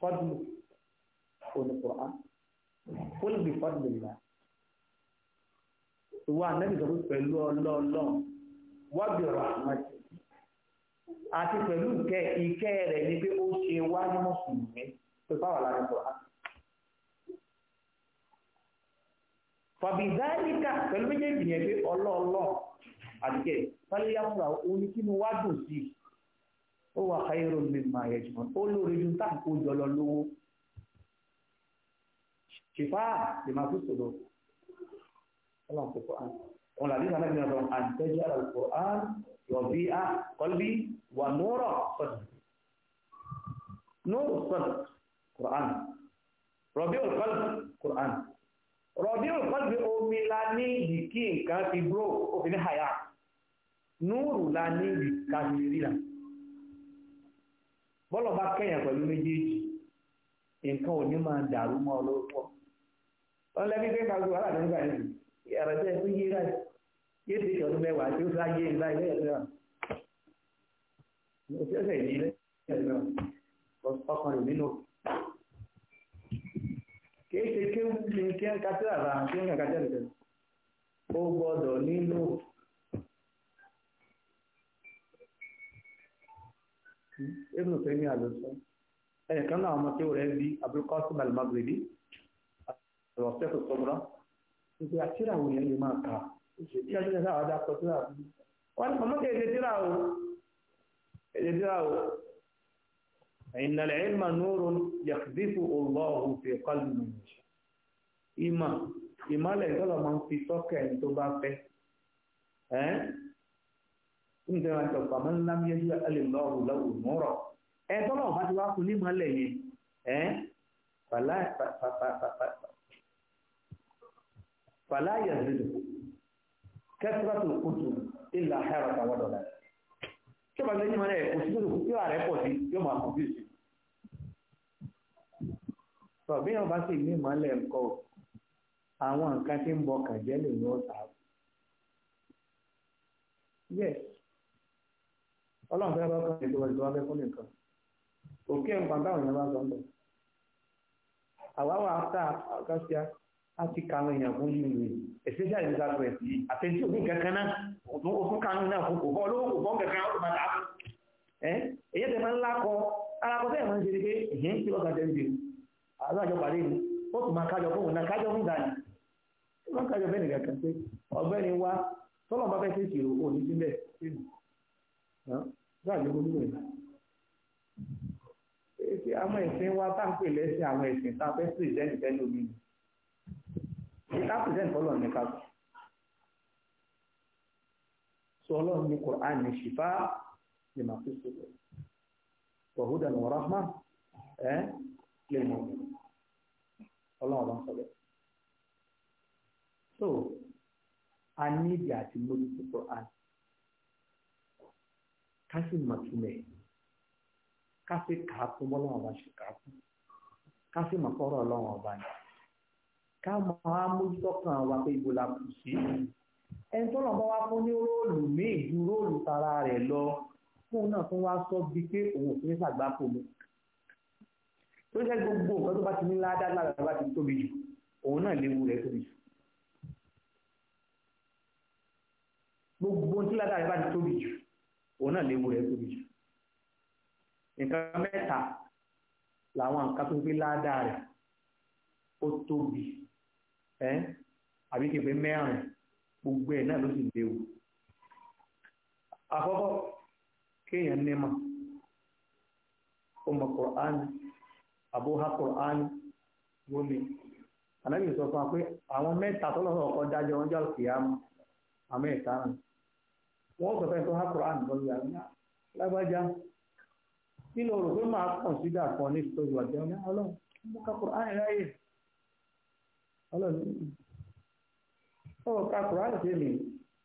fadl fún qur'an qul bi الله ìwà ànábì sọ pé pẹ̀lú ọlọ́ọ̀lọ́ọ̀ wá bí rahmati àti pẹ̀lú ìkẹ́ rẹ̀ ni pé ó ṣe wá ní mùsùlùmí pé báwa la ní fàbíìdáríkà pẹ̀lú méjèèjì yẹn pé ọlọ́ọ̀lọ́ àdìgẹ́ fàlíyàfúra oníkínú wá dùn sí ó wà káyọ̀rọ̀ mímọ̀ àyẹ̀jùmọ̀ ó lóore ju táàkó jọlọ lówó ṣìfà lè máa fi sọ̀rọ̀ ọlọ́run kò kọ́ án ọ̀là bí sàmẹ́ bí ọ̀dọ̀ àdìtẹ́jọ́ àlùkò án yọ̀bí á kọ́lbí wà nùrọ̀ sọ̀dọ̀ nùrọ̀ rọ̀bí òkọ́dì omi la ní ìdí kí nǹkan ti gbó òfin ní àyà núùrù la ní ìdí kàmì ríra bọ́lọ̀ bá kẹ́yàn pẹ̀lú méjèèjì nǹkan ò ní máa dàrú mọ́ ọ lórúkọ wọn lẹ́bí pé kàwé wàhálà tó ń gbà nínú ẹ̀rọ tẹ́ fún yé ráì yé ti ṣe ọdún mẹ́wàá tí ó fẹ́ ayé ńlá ilé ẹ̀sẹ̀ rà ó ti ẹ̀sẹ̀ ìdílé ẹ̀sẹ̀ rà ọkàn rẹ̀ nínú kìí ṣe kéwù ní kí ń ka tíra ra kí ń ka jáde tẹ̀lé ó gbọ́dọ̀ nílò ibùdó tẹ́ni àlọ́sọ ẹnìkan náà ọmọ tí ó rẹ̀ bí abúlkọ́sí malimagrebi àlọ́sẹ́ tó sọ́mùrá ìgbé àtìrà wo yẹn lè máa kà ìṣèjì àtìrà sáà wàdà kọ tíra fún wọn ọmọ tí èdè tíra o èdè tíra o ìnàlẹ̀ ìmà nùrùn yàtìdìfù ọlọ́ọ̀hún fi kọ́lù nìyí. ìmọ̀ ìmọ̀lẹ̀ tọ́lọ̀ máa ń fi sọ́kẹ̀ ẹni tó bá fẹ́ ẹ́ nígbà wọn tọ̀ pàmò ńlá mi yẹn lè lọ ọ̀rùn lọ́wọ́ mọ́rọ̀ ẹ tọ́lọ̀ bá ti wá fún nímọ̀lẹ̀ yẹn ẹ́ fàlá yẹ̀zìlù kẹ́sìrọ̀tù kùtù ìlà ẹ̀rọ tàwọn dọ̀là tí ó bá lẹ́yìn mọ́lẹ̀ òṣìṣẹ́ yóò rẹ̀ pọ̀ sí yóò máa kọ̀ bí ìṣe. tọ̀ bá sì ní ìmọ̀lẹ̀ nǹkan àwọn nǹkan tí ń bọ kàjẹ́ lè ní ọ̀tá yes ọlọ́run fẹ́ bá kàn ètò ìjọba fẹ́ fún nìkan òkè nǹkan táwọn èèyàn bá sọ ń bọ̀. àwa wà áfà àkàṣíà á ti ka àwọn èèyàn fún yìí rèé especially ní south west yìí àtẹ̀jú òfin kankan náà òfin òfin kanú náà fún kò bọ́ olówó kò bọ́ kankan ó bàtà á ẹ èyí tẹ máa ń lákọ alákọ bẹ́ẹ̀ máa ń ṣe ni pé ìhìn kí lọ́kàn tẹ̀ ń bì alájọ pàdé ni ó tún máa kájọ fóun náà kájọ fún ìdáni wọ́n kájọ fẹ́ nìkan kan pé ọ̀gbẹ́ni wa tọ́lọ̀ bá fẹ́ ṣe ìṣirò òní sílẹ̀ sínú gbàgbé gbogbo ìgbà ṣe àwọn ẹ̀sìn wa tá ń pè lẹ́sìn àwọn ẹ̀sìn tá a fẹ́ pìrìsẹ́ǹtì fẹ́ẹ́ lómi ni ìta pìrìsẹ́ǹtì ní ká sọ ọlọ́run ní ní ṣìfá ní màá fi ṣe ní so a ní ìdí àti mójútó Quran ká sì mọ̀ túmẹ̀ ká sì kà á fún bọ́lá ọba ṣe kà á fún ká sì mọ̀ kọ́rọ̀ ọlọ́run ọba ni ká mọ̀ á mójútó kan wa pé ibo la kù sí ẹni tó lọ́n bá wá fún ní róòlù míì ju róòlù tara rẹ̀ lọ fóun náà tún wá sọ bíi pé òun ò fi ní sàgbápò mi tó jẹ́ gbogbo nǹkan tó bá ti ní ládàá lára bá ti tóbi jù òun náà léwu gbogbo tí ládàá rẹ̀ tobi ti tóbi jù òun náà léwu rẹ̀ tóbi jù nǹkan mẹ́ta làwọn nǹkan tó fi ládàá rẹ̀ ó tóbi ẹ́ àbí kẹfẹ́ mẹ́rin gbogbo ẹ̀ náà ló sì léwu àkọ́kọ́ kéèyàn nímọ̀ ó mọ kùránì àbóhá kùránì lómi ànábì sọ fún wa pé àwọn mẹ́ta tó wọ́n sọ fẹ́ tó há Quran lórí àríyá lágbájá kí ló rò pé máa kàn sí dà kan ní ìtọ́jú àjẹun ní ọlọ́run mú ká Quran ráyè ọlọ́run ọ̀rọ̀ ká Quran sí mi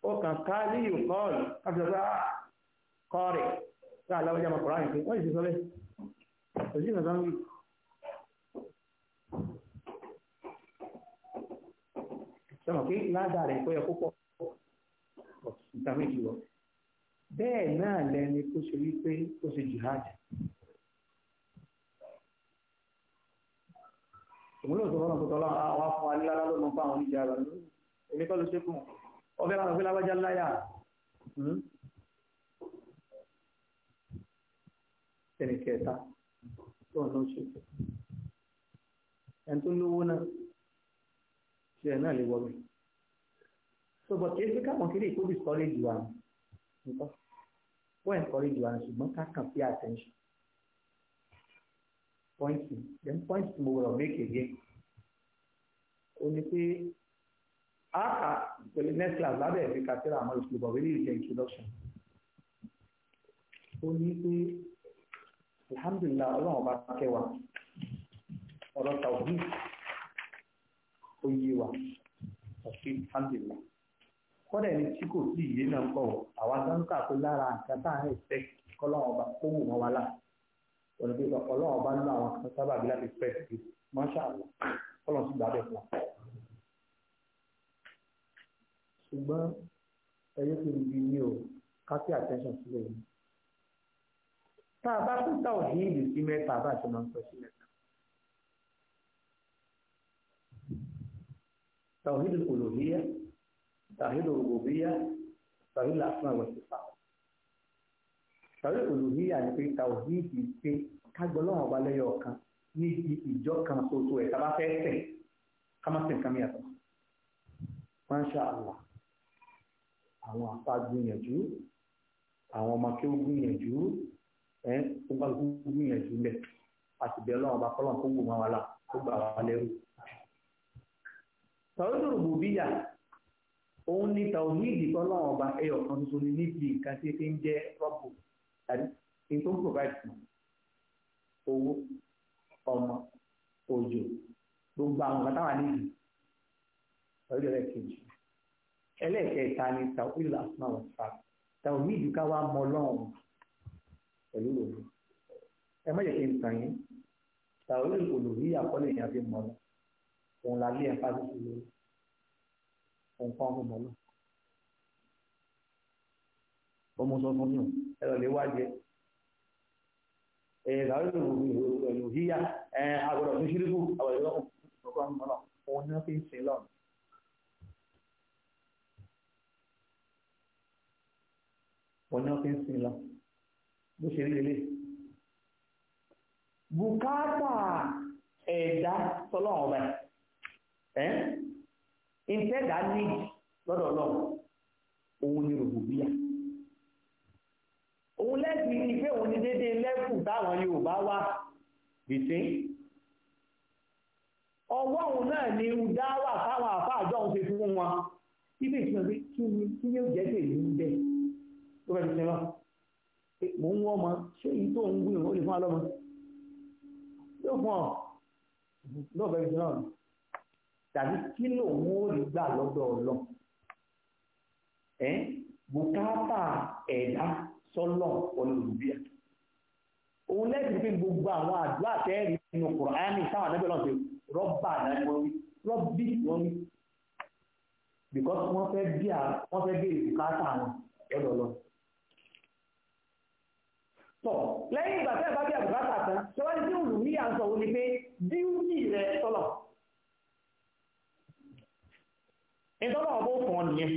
ó kàn ká líyù kọ́ọ̀lù láti sọ pé kọ́ọ̀rì ká lágbájá máa Quran pé wọ́n sì sọ bẹ́ẹ̀ òjì nà sáńgì. sọ̀rọ̀ pé ládàá rẹ̀ pé ẹ púpọ̀ nǹkan méjì wọ bẹ́ẹ̀ náà lẹni tó ṣe wípé ó ṣe jihad òun ló sọ fọlọ́n tó tọ́lọ́ àwọn afọ ah, anílára ló mọ fún àwọn oníjà rẹ̀ èmi kọ́ ló ṣe fún ọbẹ̀ máa fi lábájá láyà hmm? ẹnì kẹta tó ń lọ ṣe ẹni tó lówó náà ṣe ẹ̀ náà lè wọ́ so but kì í sí káwọn kiri kó discourage wa nǹkan ó encourage wa ṣùgbọ́n ká kàn pay attention point then point tí mo wọ̀rọ̀ make again ó ní pé àkà pẹ̀lú next class lábẹ́ ẹ̀fẹ́ kàtẹ́rà àmọ́ ìṣòro bọ̀ wẹ́lẹ́ ìjẹ́ introduction ó ní pé alhamdulillah ọlọ́run ọba kẹwàá ọ̀rọ̀ tàwọn ó yé wa ọ̀sìn alhamdulillah kọ́dà ẹni tí kò sí ìyé náà kọ̀ àwa tó ń kà pé lára nǹkan tá à ń ẹ̀fẹ́ kọ́lọ́wọ́n ọba kó wù wọ́n wá là ọ̀nà pé ọlọ́wọ́n ọba nínú àwọn kan sábà bí láti pẹ́ sí máṣá àwọn kọ́lọ́n sì gbàgbẹ́ fún ṣùgbọ́n ẹyẹ tó ń bi o ká sí attention sílẹ̀ yìí. tá a bá pín táwọn ní ìlú sí mẹ́ta bá a ṣe máa ń sọ sí mẹ́ta. tàwọn ìlú kò lò níyẹn tàhílù olùbíyà tàhílù asma wa sifat tàhílù olùbíyà ni pé tàwíìdì pé kágbọ́lọ́wọ́n ọba lẹ́yọ̀ kan níbi ìjọ kan ṣoṣo ẹ̀ tábà fẹ́ tẹ̀ ká má tẹ̀ nǹkan mi yàtọ̀ masha Allah àwọn apá gbìyànjú àwọn ọmọ kí ó gbìyànjú ẹ ó bá gbìyànjú lẹ àti bẹ Ọlọ́run ọba kọlọrun kó wò wọn wà lá kó gbà wà lẹ́rú. tàwọn ìdòrò bòbíyà òun ni tàwíìdì tọ́lọ́wọ́n ọba ẹyọ kan tuntun ni níbi nǹkan tí ti ń jẹ́ rọ́bù tàbí kí n tó ń provide fún owó ọmọ òjò gbogbo àwọn nǹkan táwọn níbi ọjọ́ ẹlẹ́ẹ̀kejì ẹlẹ́ẹ̀kẹta ni tàwíìdì asma wà fà tàwíìdì ká wá mọ ọlọ́run pẹ̀lú òru ẹ má yẹ kí n tàn yín tàwíìdì olùrí àkọlé ìyàfi mọ́ ọ òun la lé ẹ̀fà lórí nǹkan ọmọ náà ọmọ sọ fún mi o ẹ lọ lè wá jẹ ẹ làwọn èèyàn ò ní híyà ẹ àgọ́dọ̀ ní ṣíríkù àwọn èèyàn ọ̀hún ọmọ náà òun ni wọ́n fi ń sin lọ́nà. òun ni wọ́n fi ń sin lọ́nà bó ṣe rí lélẹ̀. bùkátà ẹ̀dá sọlọ́run ọba ẹ̀ ìtẹ́dá níbi lọ́dọ̀ náà òun ni rògbòbíyà òun lẹ́sìn ní pé òun ni dédé lẹ́kù táwọn Yorùbá wà gbèsè ọwọ́ òun náà ni dáwà táwọn àfáà àjọ òun ṣe fún wọn ibi ìṣúná pé kí ni kí ni ó jẹ́ tèmi ń bẹ tó fẹ́ẹ́ fi ṣe lọ mò ń wọ́n mọ ṣé èyí tó ń gbìyànjú ó lè fún ọ lọ́mọ yóò fún ọ lọ́ọ̀fẹ́ fi ṣe náà tàbí kí lòun ó rí gbà lọ́dọ̀ ọlọ́ bùkátà ẹ̀dá sọ́lọ̀ olùrùbíà òun lẹ́sìn pé gbogbo àwọn àdúrà tẹ́ẹ̀rí nínú kùránì táwọn àdábẹ́ lọ́sẹ̀ rọ́bà náà wọ́n wí rọ́bì wọ́n wí because wọ́n fẹ́ bí wọ́n fẹ́ bí bùkátà wọn lọ́dọ̀ lọ. tọ́ lẹ́yìn ìgbà tẹ́ẹ̀ bá bí àbùkátà tán ṣọwọ́n tí olùmíyà ń sọ wọn ni pé díútì rẹ̀ sọ́lọ̀ ìtọ́lọ̀ ọ̀bọ̀ kan nìyẹn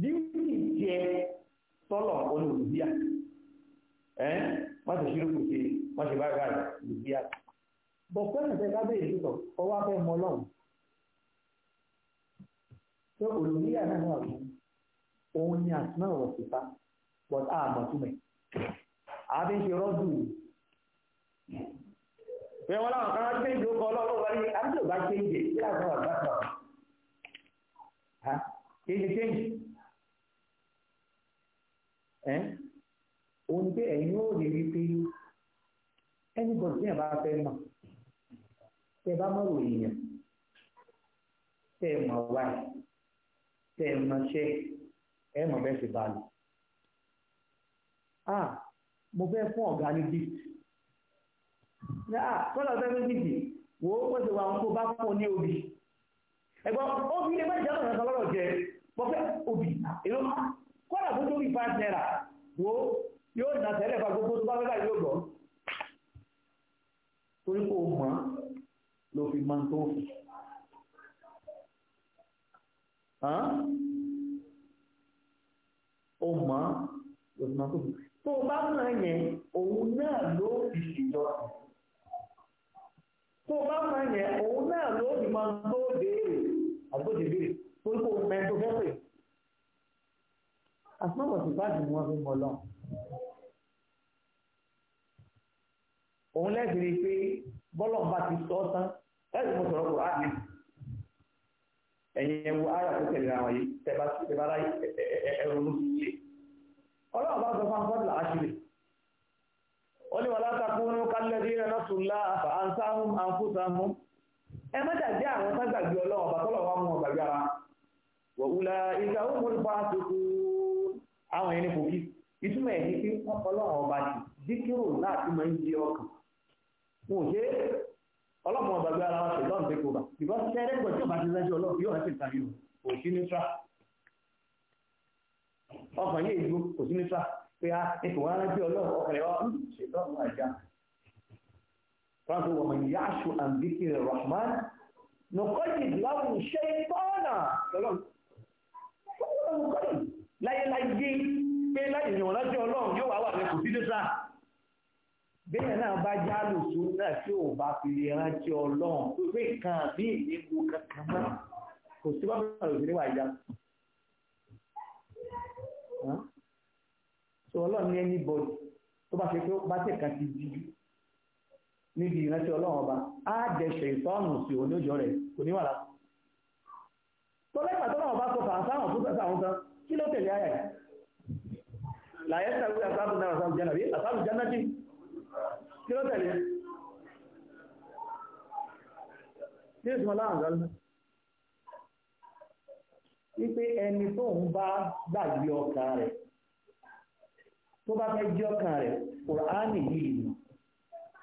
díútì jẹ tọ́lọ̀ ọ̀nà olùbíà ẹ́ wọ́n ti ṣírò kò ṣe wọ́n ṣe bá gbà olùbíà bọ̀pẹ́ ìṣẹ́ lábẹ́ ìlúkọ̀ ọwọ́ fẹ́ mọ lọ́hùn tó olùbíà náà wà fún òun ni àtúnà ọ̀rọ̀ síta but a mọ̀ túmẹ̀ àbí ń ṣe rọ́dù pé wọ́n láwọn kan á gbé ìjókòó ọlọ́run wáyé àbí tí ò bá gbé ìjẹ́ kí láwọn àgbà sọ̀rọ̀ kìí ṣe change ẹ òun ni pé ẹ̀yin ó rí wípé anybody tí ẹ̀ bá fẹ́ mọ̀ tẹ́ ẹ bá mọ̀ ròyìn yẹn tẹ́ ẹ mọ̀ wáyé tẹ́ ẹ mọ̀ ṣẹ́ ẹ mọ̀ bẹ́ẹ̀ ṣe bá lò ah mo fẹ́ fún ọ̀gá ní gift ah tọ́lá fẹ́ fún gift wò ó pèsè wa kó bá fún ọ ní obì ẹ̀gbọ́n obì ilé mẹ́jọ náà sọ lọ́rọ̀ jẹ pọ̀fẹ́ obì èlò kọ́dà tó tóbi five naira wo yóò nà tẹ́lẹ̀ fa gbogbo tó bá fẹ́ báyìí yóò gbọ́ torí kò mọ̀ ló fi máa ń tó fi ó mọ̀ ló fi máa ń tó fi tó o bá mọ̀ yẹn òun náà ló fi ṣèjọ tó bá mọ̀ yẹn òun náà ló fi máa tó béèrè àgbòdì bèrè torí kò mẹ tó fẹ́ pè àsìmọ́mọ̀ sí báàgì ni wọ́n fi mọ̀ lọ. òun lẹ́sìn rí i pé bọ́lọ̀ bá ti sọ ọ́ tán lẹ́sìn mo sọ̀rọ̀ kò ráàlì ẹ̀yin ẹ̀wọ̀ ara tó tẹ̀lé àwọn yìí tẹ̀bá tẹ̀bá ráyè ẹ̀rọ ló sì ọlọ́run bá sọ fún akọ́dùlà àṣírí ó ní wọn látàkùn kálẹ̀ dí tó lá àfà àǹsáhùn àǹfùsàhùn ẹ má a àwọn tán gbàgbé ọlọ́run ọba tọ́lọ̀ wọn mú wọn gbàgbé ara wọ̀ wúlá ìgbà ó mú tuntun àwọn ẹni kò kí ìtumọ̀ ẹ̀ ní ọba ti díkírò láti máa ń di ọkàn wọn ṣe ọlọ́run ọba gbé ara wọn ṣe lọ́run bá ṣe ọba ti rẹ́jọ yóò a ètò Francis wọ́n mọ̀ ìyá aṣọ àǹdíkì rẹ̀ Rahman nùkọ́jì láwù ṣe tọ́nà lọ́lọ́run. Fọ́nà nùkọ́jì láyéláyé pé láyé ìyàn lọ́jọ́ ọlọ́run yóò wá wà ní kò sí dẹ́sà. Bẹ́ẹ̀ náà bá já lòsù náà tí ò bá fi lè rántí ọlọ́run tó pé kan bí ìdíkù kankan mọ́. Kò sí wọ́n bá lòsì níwà ìyá. Sọ ọlọ́run ní ẹni bọ́ọ̀lù tó bá ṣe pé bá tẹ̀ka ti di níbi ìrántí ọlọ́run ọba á dẹ̀ṣẹ̀ ìtọ́nù sí oníjọ rẹ̀ kò ní wàhálà tọ́lẹ́pàá tọ́lọ́run ọba sọ fàáfáwọn tó sẹ́sà àwọn kan kí ló tẹ̀lé ayà yìí làyẹ́ sàwé àsáàbù náà àsáàbù jẹ́nà bí àsáàbù jẹ́nà bí kí ló tẹ̀lé kí ló tún ọlọ́run ọba lọ wípé ẹni tó ń bá gbàgbé ọkàn rẹ̀ tó bá fẹ́ jẹ́ ọkàn rẹ̀ kùránì yìí nù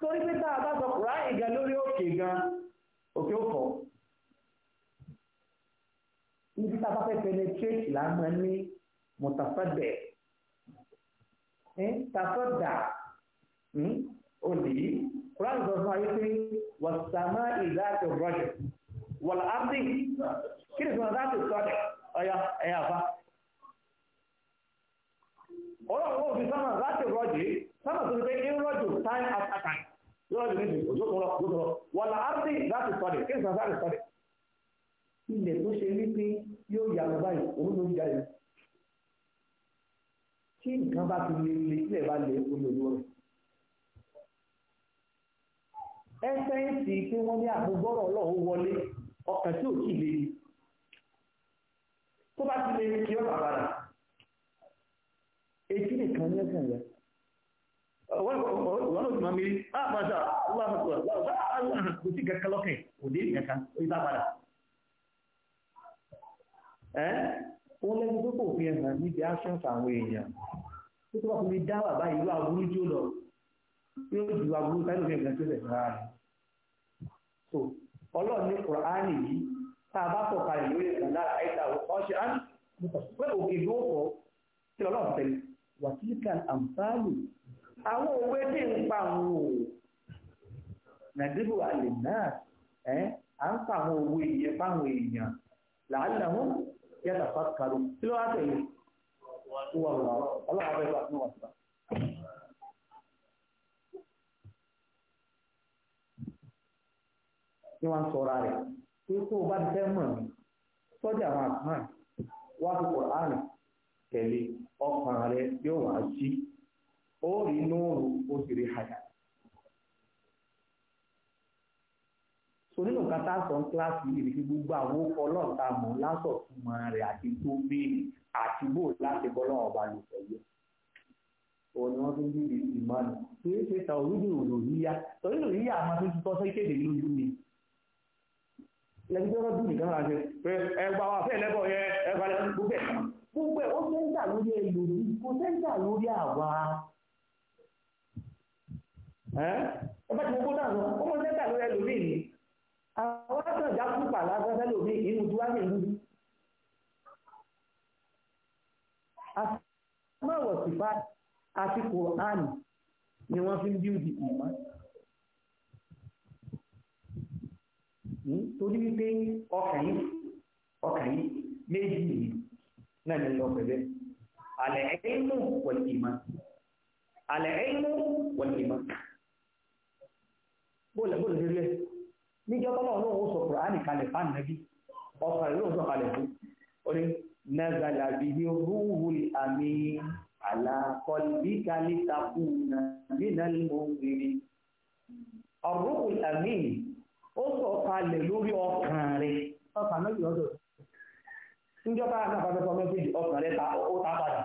torí pé tá a bá sọ kùrá ìgà lórí òkè gan òkè òfò níbi tá a bá fẹ́ penetrate là máa ní mọ̀tàfẹ́dẹ̀ tàfẹ́dà hmm, òní kùrá ìgbà fún ayé pé wàsàmá ìdá àti rọ́jò wàlá ábdì kí ni fún ọ̀dà àti sọ́dẹ̀ ọ̀yà ẹ̀yà fa ọlọ́run ó fi sámà láti rọ́jì sámà tó ti pé ń rọ́jò time after yóò lè níbi òjò tó rọ òjò tó rọ wà lá árdì láti sọdẹ kí nǹkan sáré sọdẹ. ilẹ̀ tó ṣe wípé yóò yà lọ báyìí òun ló ń jáde. kí nǹkan bá ti lè lè sílẹ̀ bá lè omi òjò rẹ̀. ẹsẹ̀ǹsì tí wọ́n ní àgbọ̀gbọ́rọ̀ ọlọ́run wọlé ọkàn tí ò tí ì lè tó bá ti lè kí ọ̀pá padà. èyí nìkan ní ẹsẹ̀ rẹ̀. ọ̀wọ́ ìkọ̀kọ̀ mi àpàṣà aláàpàṣà kò sí kankan lọ́kẹ̀ kò dé kankan ó yí sápadà ẹ́ wọ́n lẹ́nu pé kò fi hàn níbi actions àwọn èèyàn tó tó bá fi dá wà báyìí irú aburú tí so ọlọ́run ní kùránì yìí tá a bá sọ kalẹ̀ lórí ìkàn lára àìsà ọ̀ṣẹ́ á àwọn òwe tí ń pa àwọn òwò nàìjíríà lè náà ẹ à ń pa àwọn òwe yẹn fáwọn èèyàn làálà wọn yàtọ̀ fàkàrọ̀ kí ló wá tẹ̀lé wà wà ọlọ́wà bẹ́ẹ̀ bá fún wa síbà. tí wọ́n sọra rẹ̀ pé tó o bá ti fẹ́ mọ̀ mí sọ́jà àwọn àkàn wá fi kọ̀ tẹ̀lé ọkàn rẹ̀ yóò wá sí. ó rí nóòrù ó sì rí àyà. so nínú nǹkan tá a sọ ní kíláàsì yìí fi gbogbo àwọn ọkọ ọlọ́ọ̀ta mọ̀ lásọ̀ fún mọ rẹ̀ àti tó béèrè àti bò láti bọ́ lọ́wọ́ ọba lò pẹ̀lú òun ni wọ́n tún bí ìmọ̀nà kì í ṣe ta òrùdù òrò yíyá torí òrò yíyá máa tún tutọ́ sọ ìkéde lójú mi lẹ́yìn tó rọ́dún nìkan máa ṣe ẹgbà wa fẹ́ lẹ́bọ̀ yẹ ẹgbà lẹ́bọ̀ gbogbo ẹ̀ gbogbo ẹ̀ ó sẹ́ńtà lórí ẹ̀ lòdì kò sẹ́ńtà lórí àwa ẹ bá ti gbogbo náà lọ ọmọ lẹ́tà lórí ẹlòmíì ni àwọn ọ̀sán ìjà púpà lásán ẹlòmíì inú tí wá ní ìlú. àmọ́wọ̀ sífà àti kòránì ni wọ́n fi ń bíúdì ìmọ̀. Hmm? torí wípé ọkàn yìí ọkàn yìí méjì yìí náà ní lọ pẹ̀lẹ́ àlẹ́ ẹ̀ẹ́mù wọ̀lì ìmọ̀ àlẹ́ ẹ̀ẹ́mù wọ̀lì ìmọ̀ bóòlẹ̀ bóòlẹ̀ ṣe rí ẹ níjọ́ tọ́lọ́ náà ó sọ kùránì kalẹ̀ fáànù nẹ́bí ọkàn rẹ̀ ló sọ kalẹ̀ fún ó ní nazala bihi ruhul amin ala qalbika litakuna minal munzirin ruhul amin ó sọ kalẹ̀ lórí ọkàn rẹ̀ ọkàn náà yọ̀ ọ́dọ̀ níjọ́ bá náà bàbá sọ mẹ́sẹ̀jì ọkàn rẹ̀ ó ta padà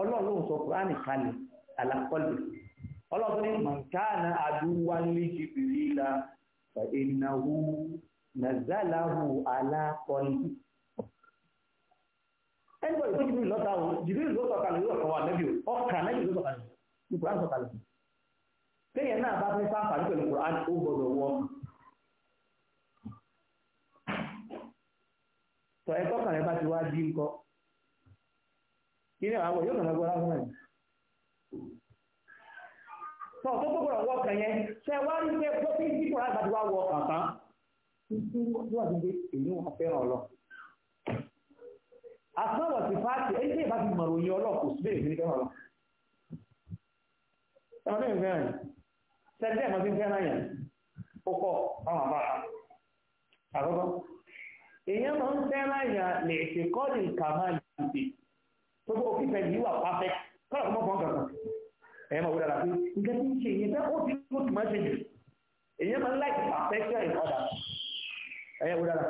ọlọ́run ló sọ kùránì kalẹ̀ alákọ̀lù ọlọ́run ní mọ̀nkánà àdúwálé jìbìrìlà ìnáwó nàzàláhù alákọ̀lù ẹgbẹ́ ìpín jìbìrì lọ́ta o jìbìrì ló sọ̀kalẹ̀ yóò sọ̀wọ́ àlẹ́bí o ọkà lẹ́yìn ló sọ̀kalẹ̀ ní kùrán sọ̀kalẹ̀ téèyàn náà bá fẹ́ sáǹfààní pẹ̀lú kùrán ó gbọdọ̀ wọ́ tọ̀ ẹ̀kọ́ kàrẹ́ bá ti wá jí ńkọ́ kí ni àwọn yóò kàn lọ́gbọ́n lásán náà tọ́ tó gbọ́dọ̀ wọ́ kàn yẹn ṣe wá rí pé bó tí tí kòrò àgbàdo wá wọ kàn tán tí wọ́n ti gbé èyí wọn fẹ́ràn lọ. àsọ̀rọ̀ ti fáàtì ẹni tí ìbá ti mọ̀rọ̀ yẹn ọlọ́ kò sí bẹ́ẹ̀ ní fẹ́ràn lọ. ẹ̀rọ ní ìfẹ́ rẹ̀ sẹ́dẹ̀ mọ́ ti ń fẹ́ràn yẹn ó kọ́ àwọn àbá àkọ́kọ́. èèyàn máa ń fẹ́ràn yẹn lè ṣèkọ́lì kàmáà yìí tó kó òfin fẹ́ yìí wà ẹ̀yẹ́ máa wúlò àlàfo nǹkan tí ń ṣe ìyẹn bẹ́ẹ̀ ó ti kó tì máa ṣe jù èyí máa ń láì pàfẹ́kẹ́ ìpadà ẹ̀yẹ́ wúlò àlàfo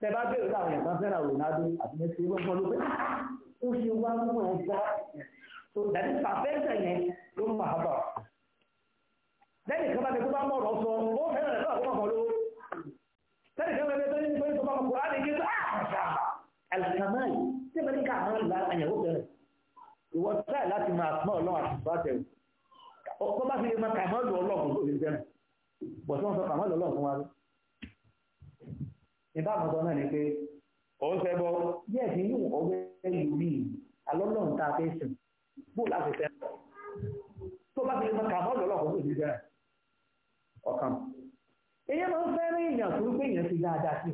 tẹ bá bẹ̀rẹ̀ lọ àwọn ìyàtọ̀ fẹ́ràn Ronaldo àti Messi wọ́n fọ́ ló ah, ó ṣe wá ń wọ̀ ọ́n gbá so dàbí pàfẹ́kẹ́ yẹn ló ń máa bà lẹ́yìn kan bá ti tó bá mọ̀rọ̀ sọ ó fẹ́ràn rẹ̀ lọ́wọ́ kọ́ lówó lẹ́yìn kan bá ti tó ní pé tó bá kọ́ ìwọ tíráì láti máa pọ́n ọlọ́run àti ìbátẹ̀ ọkọ bá fi lè máa ọlọ́run bọ̀ tí wọ́n sọ ọlọ́run fún wa rí náà ni pé fẹ́ bọ́ díẹ̀ sí yóò ọgbẹ́ ìlú mi alọ́lọ́run tá a fẹ́ sùn bó láti fẹ́ tó bá fi lè máa ọlọ́run èyí máa ń èèyàn tó èèyàn dáadáa sí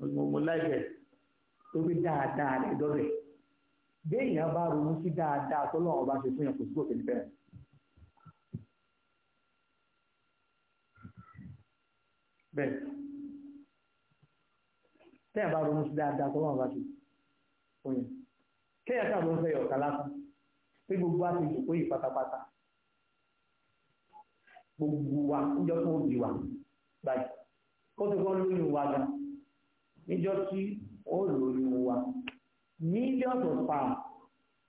mo láìpẹ́ tó gbé dáadáa rẹ̀ dọ́rẹ̀ béèyàn bá ronú sí dáadáa tọ́lọ́wọ́n bá ṣe fún yàn kò sí òkè nífẹ̀ẹ́ rẹ̀. bẹ́ẹ̀ tẹ́yà bá ronú sí dáadáa tọ́lọ́wọ́n bá ṣe fún yàn kẹ́yà káàbọ̀ ń fẹ́ yọ̀ ọ̀tá lásán pé gbogbo àti ìjòkó yìí pátápátá gbogbo wa ń jọ fún òbí wa báyìí kó tó kọ́ lóyún wa gan-an. níjọ́ tí ó lórí wa of pounds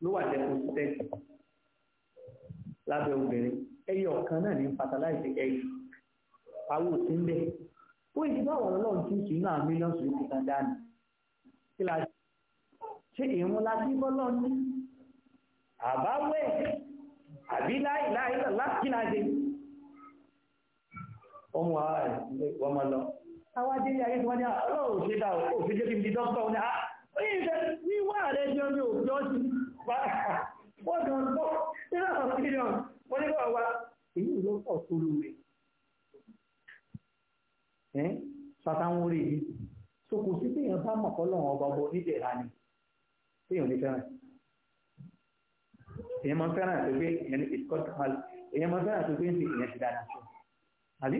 ló wà jẹ́ òṣìṣẹ́ lábẹ́ obìnrin ẹyọ kan náà ní fertilizer ẹyọ àwọn òsì ń bẹ̀ ó yìí bá wọ̀ tí ń sùn náà millions yóò kíkan dání kí la ṣe ìrún bọ́ lọ́wọ́ ní àbáwẹ̀ àbí kí àwọn adélé ayé tí wọ́n ní ah, ọlọ́run ṣe dá òfin jẹ́ kí n di dókítà wọn ni a ah, oyin ìṣe wíwá rẹ̀ jẹ́ omi òfin ọ̀sìn wọ́n gan gbọ́ nínú àwọn mílíọ̀n wọ́n ní bọ́ọ̀ wa èyí ló pọ̀ tó lù rẹ̀ sàtàwọn orí yìí so kò sí téèyàn bá mọ̀ kọ́lọ́run ọba ọba onídẹ̀ẹ́ra ni téèyàn lè fẹ́ràn èèyàn máa fẹ́ràn àti pé èèyàn ní ìkọ́tà èèyàn máa fẹ́ràn àti pé èèyàn ti dáadáa sí àbí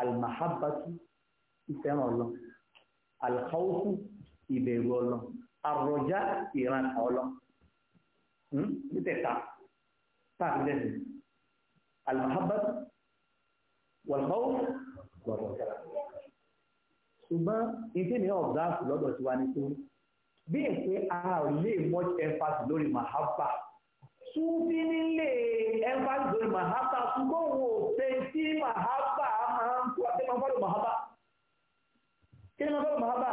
alimahabatu ìfẹ́ràn ọlọ́ alikawusu ìbẹ̀rù ọlọ́ arọjá ìran ọlọ́ hmm? nítẹ̀ta táàbí lẹ́sìn alimahabatu wàlúwàwù wàlúwàjà ṣùgbọ́n ìdíni ọ̀gá lọ́dọ̀ tiwa ni pé bí n pé a ò lè much emphasis lórí mahaba súnfí nílé emphasis lórí mahaba ṣùgbọ́n wo ṣe tí mahaba máa kí ni mafọ́lù mahaba kí ni mafọ́lù mahaba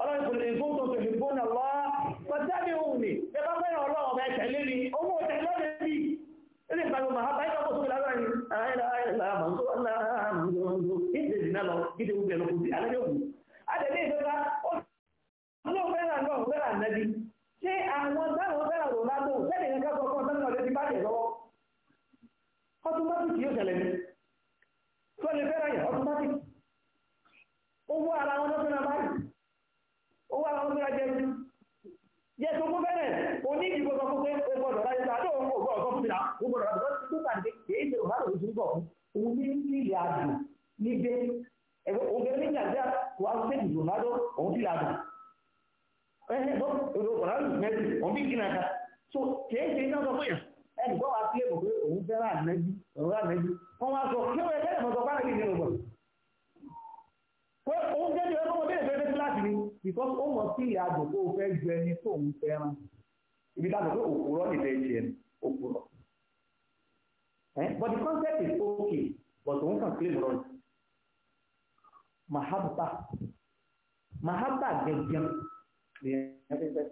ọlọ́run kò lè fún tó tòṣì fún ọlọ́ pàtàkì òun ni ẹ bá fẹ́ràn ọlọ́run ọba ẹ̀ṣẹ̀ lé mi owó ọ̀ṣẹ̀ lọ́dẹ bí ilé ìfàlù mahaba ẹ̀ kọ́kọ́ tó fi lágbára ni ṣé àwọn táwọn fẹ́ràn Ronaldo fẹ́ràn ìrìnká kọ̀ọ̀kan tánú ọ̀dẹ́ ti bá jẹ̀ lọ́wọ́ ọtún bá tún kì í ó ṣẹlẹ̀ ní tó lè fẹ́ràn yẹn automatic owó ara wọn lọ́sọ̀rọ̀ àbáyé owó ara wọn lọ́sọ̀rọ̀ jẹ́jú yẹ tó kún bẹ́rẹ̀ oní ìdìbò sọ fún pé o gbọ́dọ̀ láyé sáà tó o gbọ́ ọ̀sán fún mi náà o gbọ́dọ̀ láyé sáà tó bá dé kéé ṣe òun àlòkù síbọ̀ òun ní ilé àjò níbẹ̀ ẹ̀fọ́ òun ní nàìjíríà kò wá sí ìdìbò náà òun ti làjò ẹ̀hẹ́ bọ́ òun ní ìdìbò náà òun bí kí nàìjíríà so kéé ṣe iná sọ fún yẹn ẹnìkan wá sí èbò pé òun fẹ́ràn ànájú òun ànájú wọ́n wá sọ kí wọ́n ẹgbẹ́ ìmọ̀sọ̀ bá nàbí nínú ọgbọ̀n pé òun jẹ́ ìwé fọmọ bẹ́ẹ̀ fẹ́ẹ́ kíláàsì ni because ó mọ̀ sí ìyàgò tó fẹ́ ju ẹni tó òun fẹ́ràn ibi tá a sọ pé òkúrọ́ nìfẹ́ jẹ òkúrọ́ but the concept is okay but òun kàn claim run mahabba mahabba gẹ́gẹ́ ni ẹni fẹ́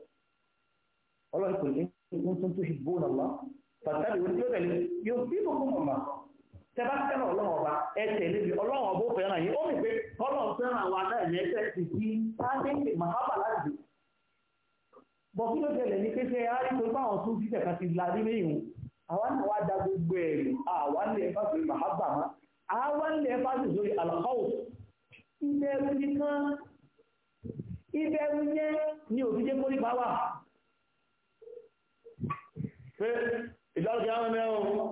ọlọ́run kò ní kí n tún tún ṣe bóun náà lọ. pàtàkì wo tí ó tẹ̀lé yóò bí gbogbo mọ̀mọ́ ọlọ́run ọba ọlọ́run ọba ó fẹ́ràn ó mì pé ọlọ́run fẹ́ràn ní ẹsẹ̀ ti fi sáńdéǹdè màhábà láti bọ̀ kí ló tẹ̀lé ní pé a rí pé báwọn tún jíjẹ̀ kan ti la rí léyìn àwa náà wá gbogbo ẹ̀ ẹ̀fà ẹ̀fà sórí yẹn ni jẹ́ wà. ìjọ́lọ́gbẹ̀ àwọn ọmọ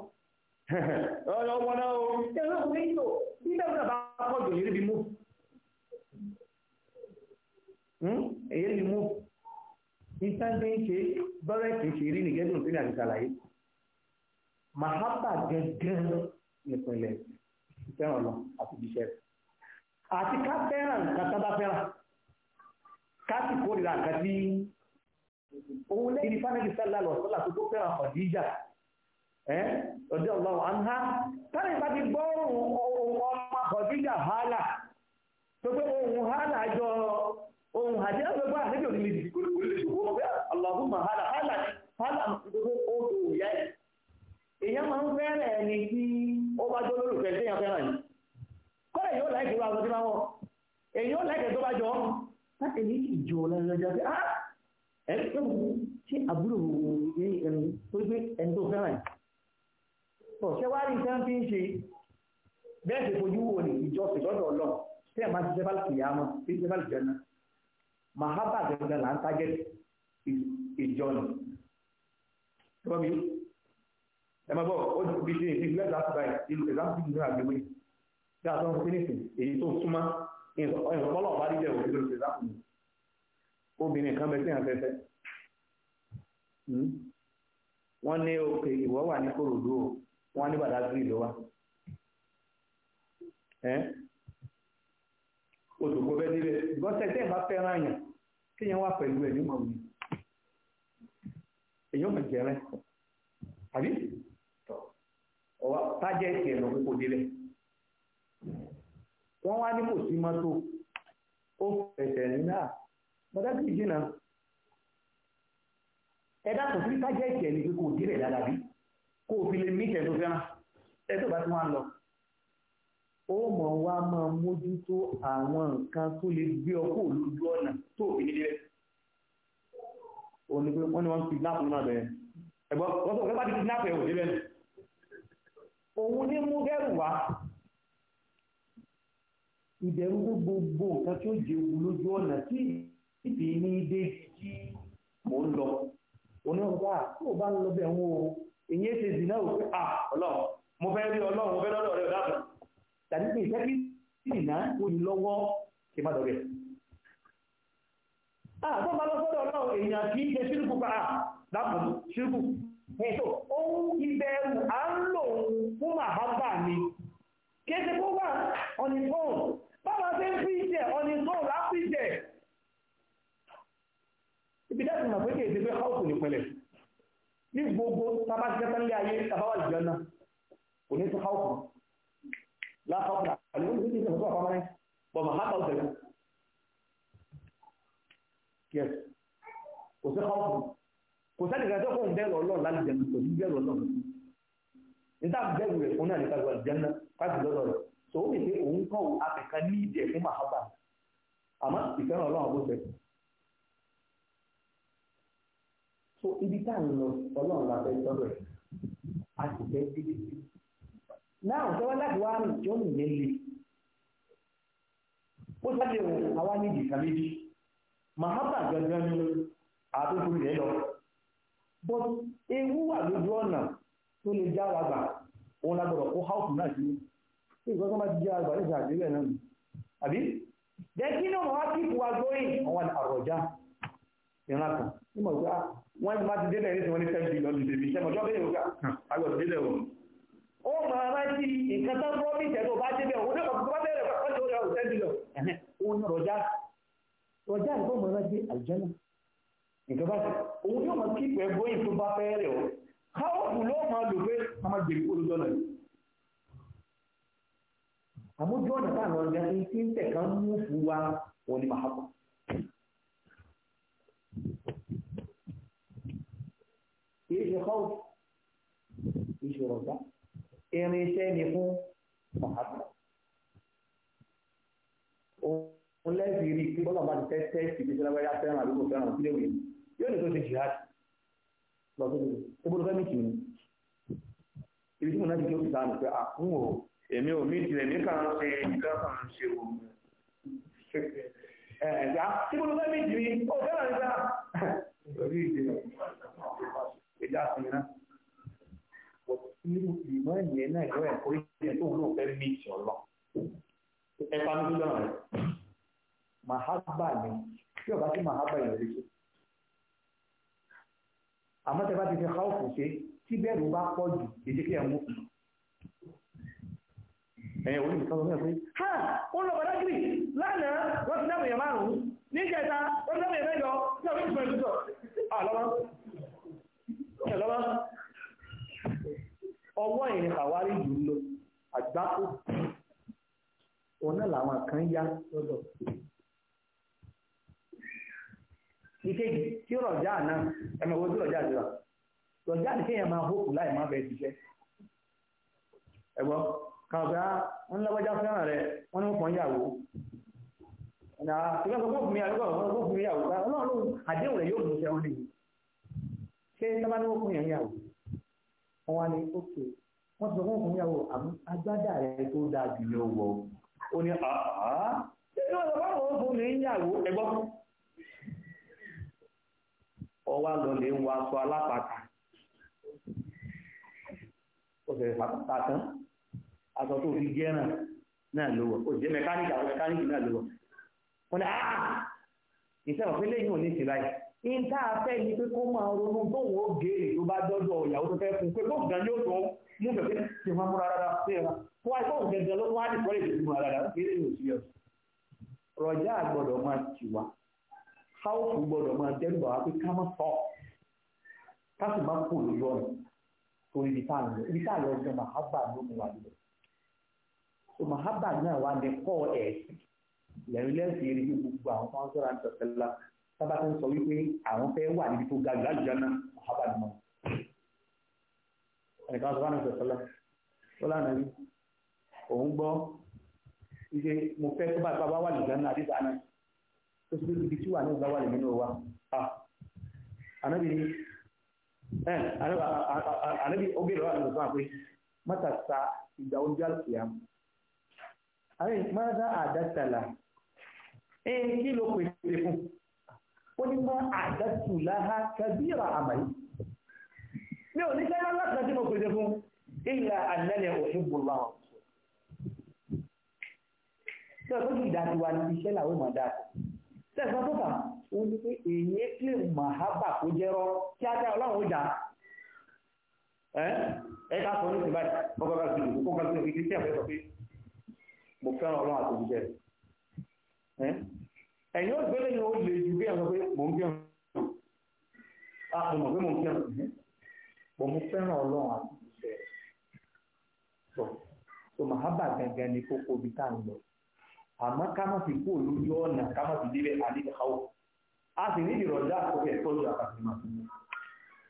ẹ̀rọ ọ̀rọ̀ ọmọ náà ó ẹ̀rọ ọmọ yìí ó bí bẹ́ẹ̀ bá kọ́ jù yìí bí mú hmm? èyí ni mú ìtàndé ń ṣe bọ́rẹ̀ kìí ṣe rí nìgẹ́gùn sí ní àdìsàlàyé mahapa gẹ́gẹ́ nípìnlẹ̀ fẹ́ràn lọ àti jíṣẹ́ àti ká fẹ́ràn nǹkan tó bá fẹ́ràn ká sì kórìíra nǹkan tí òun lẹ́yìn fánẹ́lì sẹ́lá lọ sọ́là tó tó fẹ́ràn ọ̀díjà ọdẹ ọlọ́run anha tọ́lá ìgbà ti gbọ́ ohun ọmọ kọ̀díjà hálà tó pé ohun hálà jọ ohun àti ẹgbẹ̀gbọ́ àdébí òní lè kúrúkú lè ṣùgbọ́n ọgbẹ́ ọlọ́run hálà hálà hálà gbogbo oṣù ìyá ẹ̀ èèyàn máa ń fẹ́rẹ̀ ẹni tí ó bá jọ lólùfẹ́ tí èèyàn fẹ́ràn yìí kọ́lẹ̀ yóò láì kí wọ́n aṣọ ah ẹ̀ ṣé àbúrò ẹni tó fẹ́ràn yìí tọ̀ ṣẹ́wárí nǹkan fi ń ṣe bẹ́ẹ̀ ṣe fojú wo ní ìjọsìn lọ́dọ̀ ọlọ́run tí ẹ̀ máa ti sẹ́fàlì kìyà mọ́ tí sẹ́fàlì jẹ́nà mahaba gẹ́gẹ́ là ń target ìjọni tọ́ mi ẹ máa bọ̀ ó ti ṣe ìdílé láti báyìí ìlú ìlànà ìlú àgbègbè tí a sọ fún kínísì èyí tó súnmọ́ ìrànlọ́wọ́ bá dídẹ̀ òfin lórí ìlànà obìnrin kan bẹ sí àfẹ́fẹ́ hmm? wọ́n ní òkè ìwọ́ wà ní kòròdú o wọ́n ní Badagry ló wá ẹ́ òtòkó bẹ́ẹ̀ níbẹ̀ gọ́sẹ̀ tẹ́ bá fẹ́ràn àyàn kéèyàn wà pẹ̀lú ẹ̀ nímọ̀ mi èyàn mọ̀ jẹ́rẹ́ àbí ọwọ́ tájẹ́ẹ̀tì ẹ̀nà kókó délẹ̀ wọ́n wá ní kò sí mọ́tò ó fẹ̀sẹ̀ ní náà Badagry jìnnà ẹ̀dá kò sí tájẹ́ẹ̀tì ẹ̀nà kókó délẹ̀ dáadáa bí kó o fi lè mí ìtẹ̀ tó fẹ́ràn ẹ tó bá ti wá lọ ó mọ̀ wá máa mójútó àwọn nǹkan tó lè gbé ọkọ̀ lójú ọ̀nà tó fi nílé òun ni pé wọ́n ní wọ́n ti náà fún náà bẹ̀rẹ̀ ẹ̀gbọ́n wọ́n tó wọ́n bá ti náà fẹ̀ níbẹ̀ òun ní mú bẹ́rù wá ìbẹ̀rù gbogbo nǹkan tí ó jẹ ogun lójú ọ̀nà tí ìdí ní dé mò ń lọ òun ní wọ́n ah, bá tó bá ìyẹn ṣe à ọlọ́run mo fẹ́ rí ọlọ́run mo fẹ́ lọ́dọ̀ rẹ̀ tàbí pé ìfẹ́ kí ní lọ́wọ́ ṣe má ọlọ́run èèyàn kì í ṣe ṣírùkù pa à ṣírùkù ohun ìbẹ̀rù à ń lò fún ni kéde kó wà ọ̀nì ọ báwa ṣe fi ìjẹ ọ̀nì fóònù láti ìjẹ ibi dáàbò mà pé kéde pé káwùkù ní gbogbo tábà ti tẹ́tẹ́ lé ayé tábà wà lìjọ náà kò ní tó káwọ́ kan láàpapọ̀ àlẹ́ òun ní ìṣẹ̀lẹ̀ pàpà bọ̀ màá kà ọ̀sẹ̀ yes kò sí káwọ́ kan kò sẹ́ni kan tó kọ́ ń bẹ́ẹ̀ lọ lọ́ọ̀ lálẹ́ jẹun kò sí bẹ́ẹ̀ lọ lọ́ọ̀ níta bẹ́ẹ̀rù rẹ̀ fún náà níta gbọ́dọ̀ jẹun náà káàkiri lọ́dọ̀ rẹ̀ so ibi tá à ń lọ ọlọ́run la fẹ́ sọ́dọ̀ ẹ̀ a sì fẹ́ síbi náà sọ́wọ́ láti wá rìn tí ó nì yẹn le ó sáré o àwa ní ìdìkan méjì mahaba gangan ni àtúntò rẹ̀ lọ but ewu wà lójú ọ̀nà tó lè já wa gbà òun la gbọdọ̀ kó house náà sí ṣé ìgbà tó máa ti já wa gbà ní ìṣàkíyèsí rẹ̀ náà àbí jẹ́ kí ni ọmọ wa kí ìfowópamọ́ gbóyè àwọn àròjà ìran kan ah, ní mọ̀ pé wọ́n ti máa ti délẹ̀ ní ìsìnwọ́n ní ten billion ní bèbí ṣe mọ̀jọ́ bẹ́ẹ̀ ògá àgbọ̀ ah, ti délẹ̀ wọn. ó máa máa ti nǹkan tán promise ẹ̀dọ̀ bá débẹ̀ òun náà bá bẹ̀rẹ̀ wọ́n ti wọ́n ten billion. ó ní rọjá rọjá ìgbọ́ mọ̀ náà dé àlùjànnà nǹkan bá ti òun yóò máa kíkọ̀ ẹ̀ bóyìn tó bá fẹ́ o káwọ́pù ló máa lò pé a máa gbèrú olùdọ́nà àmójú ọ̀nà táwọn ọ̀gá ti ń tẹ̀ kan mú fún wa wọn ni màá bọ̀. kìí ṣe kọ́ọ̀f kìí ṣe rọ̀gbá irinṣẹ́ ni fún mọ̀hábà òun lẹ́sìn rí pé bọ́lá bá ti tẹ́ tẹ́sì bí sọlá báyá fẹ́ràn àbí kò fẹ́ràn sílé wèé yóò ní tó ṣe jihad lọ sí ibi tó bọ́lá fẹ́mi kì í ibi tí mo náà ti jó ìdáhùn pé àkún ah, o èmi ò mí tilẹ̀ mí kàn ń ṣe ìdá kan ń ṣe òun ẹ̀ẹ́dá tí mo náà fẹ́mi kì í ó fẹ́ràn nígbà ẹja sinmi náà irú ìmọ̀ ìyẹn náà ìlú ẹ̀kọ́ ìyẹn tó wúlò fẹ́ mí ìṣọ̀ lọ ẹ bá mi lọ́rùn rẹ̀ màhábà ni tí ọba tí màhábà yẹn rí sí àmọ́ tẹ bá ti fi káwọ́pù ṣe tí bẹ́ẹ̀rù bá pọ̀ jù èdè kí ẹ̀ ń wò ẹ̀yìn òun nìkan lọ́wọ́ pé ha ó lọ bàdá gírì lánàá wọ́n ti dábòyàn márùn-ún níjẹta wọ́n ti dábòyàn mẹ́jọ tí ọ̀rẹ́ ìgbìmọ̀ ìgbìmọ̀ èèyàn lọ́wọ́ ọwọ́ ìrìn àwárí jù lọ àgbákò òun náà làwọn kan yá lọ́dọ̀ ìkejì tí rọ̀já náà ẹ̀mọ̀ owó tí jùlọ rọ̀já ní kéèyàn máa hókù láì máa bẹ̀ẹ́ ṣiṣẹ́ ẹ̀gbọ́n kàgbà ah, wọn lọ́gbọ́já fẹ́ràn rẹ̀ wọ́n ní yàwó ah, ìgbà mi mi yàwó ọlọ́run àdéhùn rẹ̀ yóò mú nìyí ṣé sábà ní wọ́n fún yàn yàwó wọ́n wá ní ókè wọ́n sọ fún òun yàwó àmú agbádá rẹ̀ tó dáa jù ní owó ó ní àá nínú ọ̀rọ̀ bá wọ́n fún mi ń yàwó ẹgbọ́ ọwá lọlẹ̀ ń wọ aṣọ alápàtà ó sì pàtàkì tán aṣọ tó fi jẹ́ràn náà ló wọ̀ ó jẹ́ mẹkáníkì àwọn mẹkáníkì náà ló wọ̀ wọ́n ní àá ìṣẹ́ òfin lẹ́yìn òní sí báyìí ìta afẹ́ ni pé kó máa ronú bóun ó gèrè tó bá dọ́dọ̀ ìyàwó tó fẹ́ fún pé bóun gan yóò tó mú bẹ̀rẹ̀ tí wọ́n múra rárá sí ẹ̀rọ fún wa bóun gẹ̀gẹ̀ ló wá ní kọ́lẹ̀dì tó múra rárá kí ló sì yọ. rọjá gbọ́dọ̀ máa tì wá sáwùsù gbọ́dọ̀ máa dẹ́rù bàwá pé ká má sọ ká sì má kó lójú ọ̀nà torí ibi lọ ibi lọ jẹ màhábà ló mú wa lọ. màhábà náà wà ní kọ́ ẹ̀sìn lẹ́yìn lẹ́sìn sábà tó ń sọ wípé àwọn fẹ́ wà níbi tó ga jù láti jẹun náà ọ̀hábà ni wọn. ẹnìkan sọ fáwọn ìṣẹ̀sọ́ lọ tó lánàá ní òun gbọ́ iṣẹ́ mo fẹ́ tó bá tó bá wà lè jẹun náà àti ìdáná tó sì ibi tí wà ní ìgbà wà lè nínú wa. ànábì ni ànábì ó bèèrè lọ́wọ́ àti pé mọ́tà sa ìgbà oúnjẹ àlùkìyà. àrẹ ìpínlẹ̀ àdásàlà ẹ kí ló pèsè fún ó ní mọ́ àdásùláhá kẹbíra àmàlí mi ò ní sẹ́yìn aláàtà tí mo pèsè fún ilà ànẹ́lẹ̀ òṣùbùlá wọn tí ó tóbi ìdájúwa ní iṣẹ́ làwọn ìmọ̀ dáa tẹ̀sán tó kà ó ní pé èyí kí màhábà kó jẹ́rọ kí á dá ọlọ́run ó jà ẹ ká sọ ní ìsìn báyìí kọ́kọ́ bá ti dùn kọ́kọ́ bá ti dùn kí kristian fẹ́ sọ pé mo fẹ́ràn ọlọ́run àti òbí ẹ̀yìn ògbélé ni ó lè ju bí ẹ̀rọ pé mò ń bí pé mò ń bí fẹ́ràn ọlọ́run gangan kókó bí tá à ń lọ àmọ́ ká má fi kú olójú ọ̀nà ká má fi débẹ̀ káwọ́ a sì ní ìrọ̀lẹ́ àkókò máa fi mú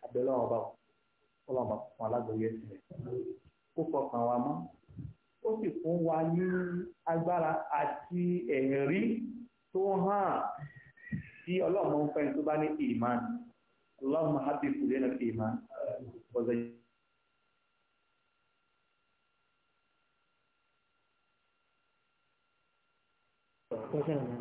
abẹ́lẹ́ bá bá fún sílẹ̀ fọkàn wa mọ́ ó sì fún wa ní agbára àti ẹ̀rí tó hàn tí ọlọ́mọ ń fẹ́ni tó bá ní ìmán Allahumma habib ilayna al-iman Thank you.